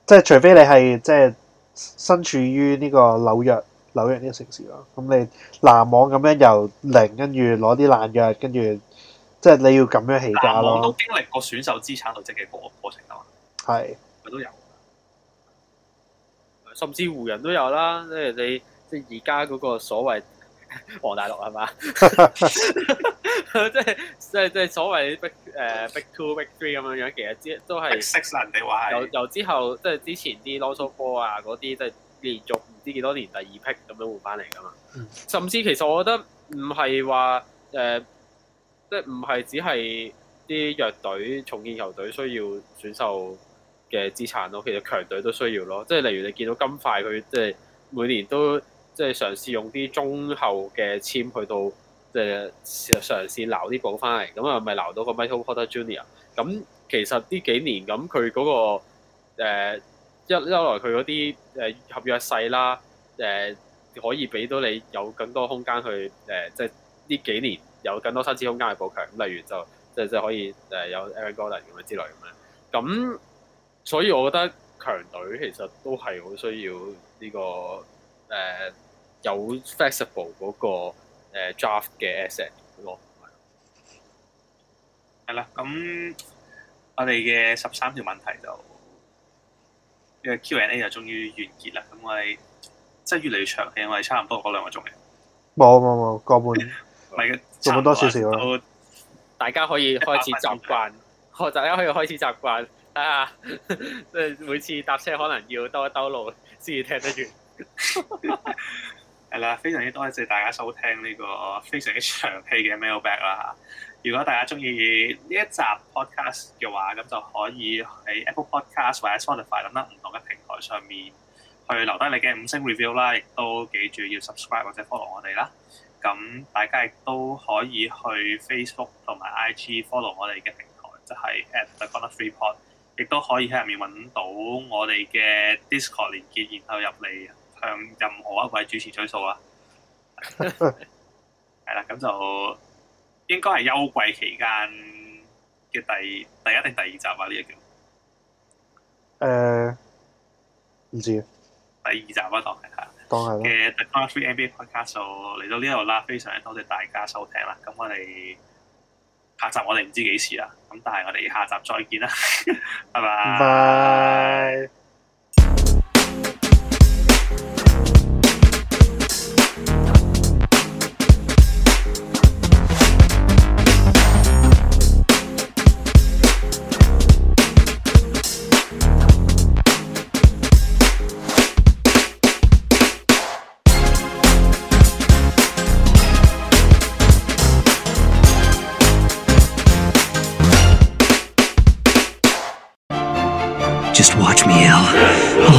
即係除非你係即係身處於呢個紐約紐約呢個城市咯，咁你籃網咁樣由零跟住攞啲爛藥，跟住即係你要咁樣起家咯。籃網都經歷過選手資產累積嘅過過程噶嘛？係咪是都有，甚至湖人都有啦。即係你即係而家嗰個所謂黃大陸係嘛？ 即係即係即係所謂 big 誒、uh, big two big three 咁樣樣，其實之都係由由之後即係之前啲 loso four 啊嗰啲，即係連續唔知幾多年第二 pick 咁樣換翻嚟噶嘛。嗯、甚至其實我覺得唔係話誒，即係唔係只係啲弱隊重建球隊需要選秀嘅資產咯，其實強隊都需要咯。即係例如你見到金塊佢即係每年都即係嘗試用啲中後嘅簽去到。即就嘗試撈啲補翻嚟，咁啊咪撈到個 Michael Porter Junior。咁其實呢幾年咁，佢嗰、那個誒、呃，一來佢嗰啲誒合約細啦，誒、呃、可以俾到你有更多空間去誒，即係呢幾年有更多薪資空間去補強。例如就即係即係可以誒、呃、有 Aaron Gordon 咁樣之類咁樣。咁所以我覺得強隊其實都係好需要呢個誒有 flexible 嗰個。呃誒、uh，draft 嘅 asset 咯，係啦，咁我哋嘅十三條問題、這個 A、就嘅 Q&A 就終於完結啦。咁我哋即係越嚟越長，我哋差唔多嗰兩個鐘嘅。冇冇冇，過半，咪仲 的多多少少咯。我大家可以開始習慣，學習 可以開始習慣。睇、啊、下，即 係每次搭車可能要兜一兜路先至聽得完。 係啦，非常之多謝大家收聽呢個非常之長氣嘅 mailbag 啦。如果大家中意呢一集 podcast 嘅話，咁就可以喺 Apple Podcast 或者 Spotify 等等唔同嘅平台上面去留低你嘅五星 review 啦，亦都記住要 subscribe 或者 follow 我哋啦。咁大家亦都可以去 Facebook 同埋 IG follow 我哋嘅平台，就係、是、at the corner 3 pod，亦都可以喺入面揾到我哋嘅 Discord 連結，然後入嚟。向任何一位主持追數啊！係 啦， 咁就應該係休季期間嘅第第一定第，第二集啊？呢一叫，誒、呃，唔知第二集啊，當係嚇，當係嘅。The Corner 3 NBA Podcast 嚟到呢度啦，非常多謝大家收聽啦。咁我哋下集我哋唔知幾時啦。咁但係我哋下集再見啦， 拜拜。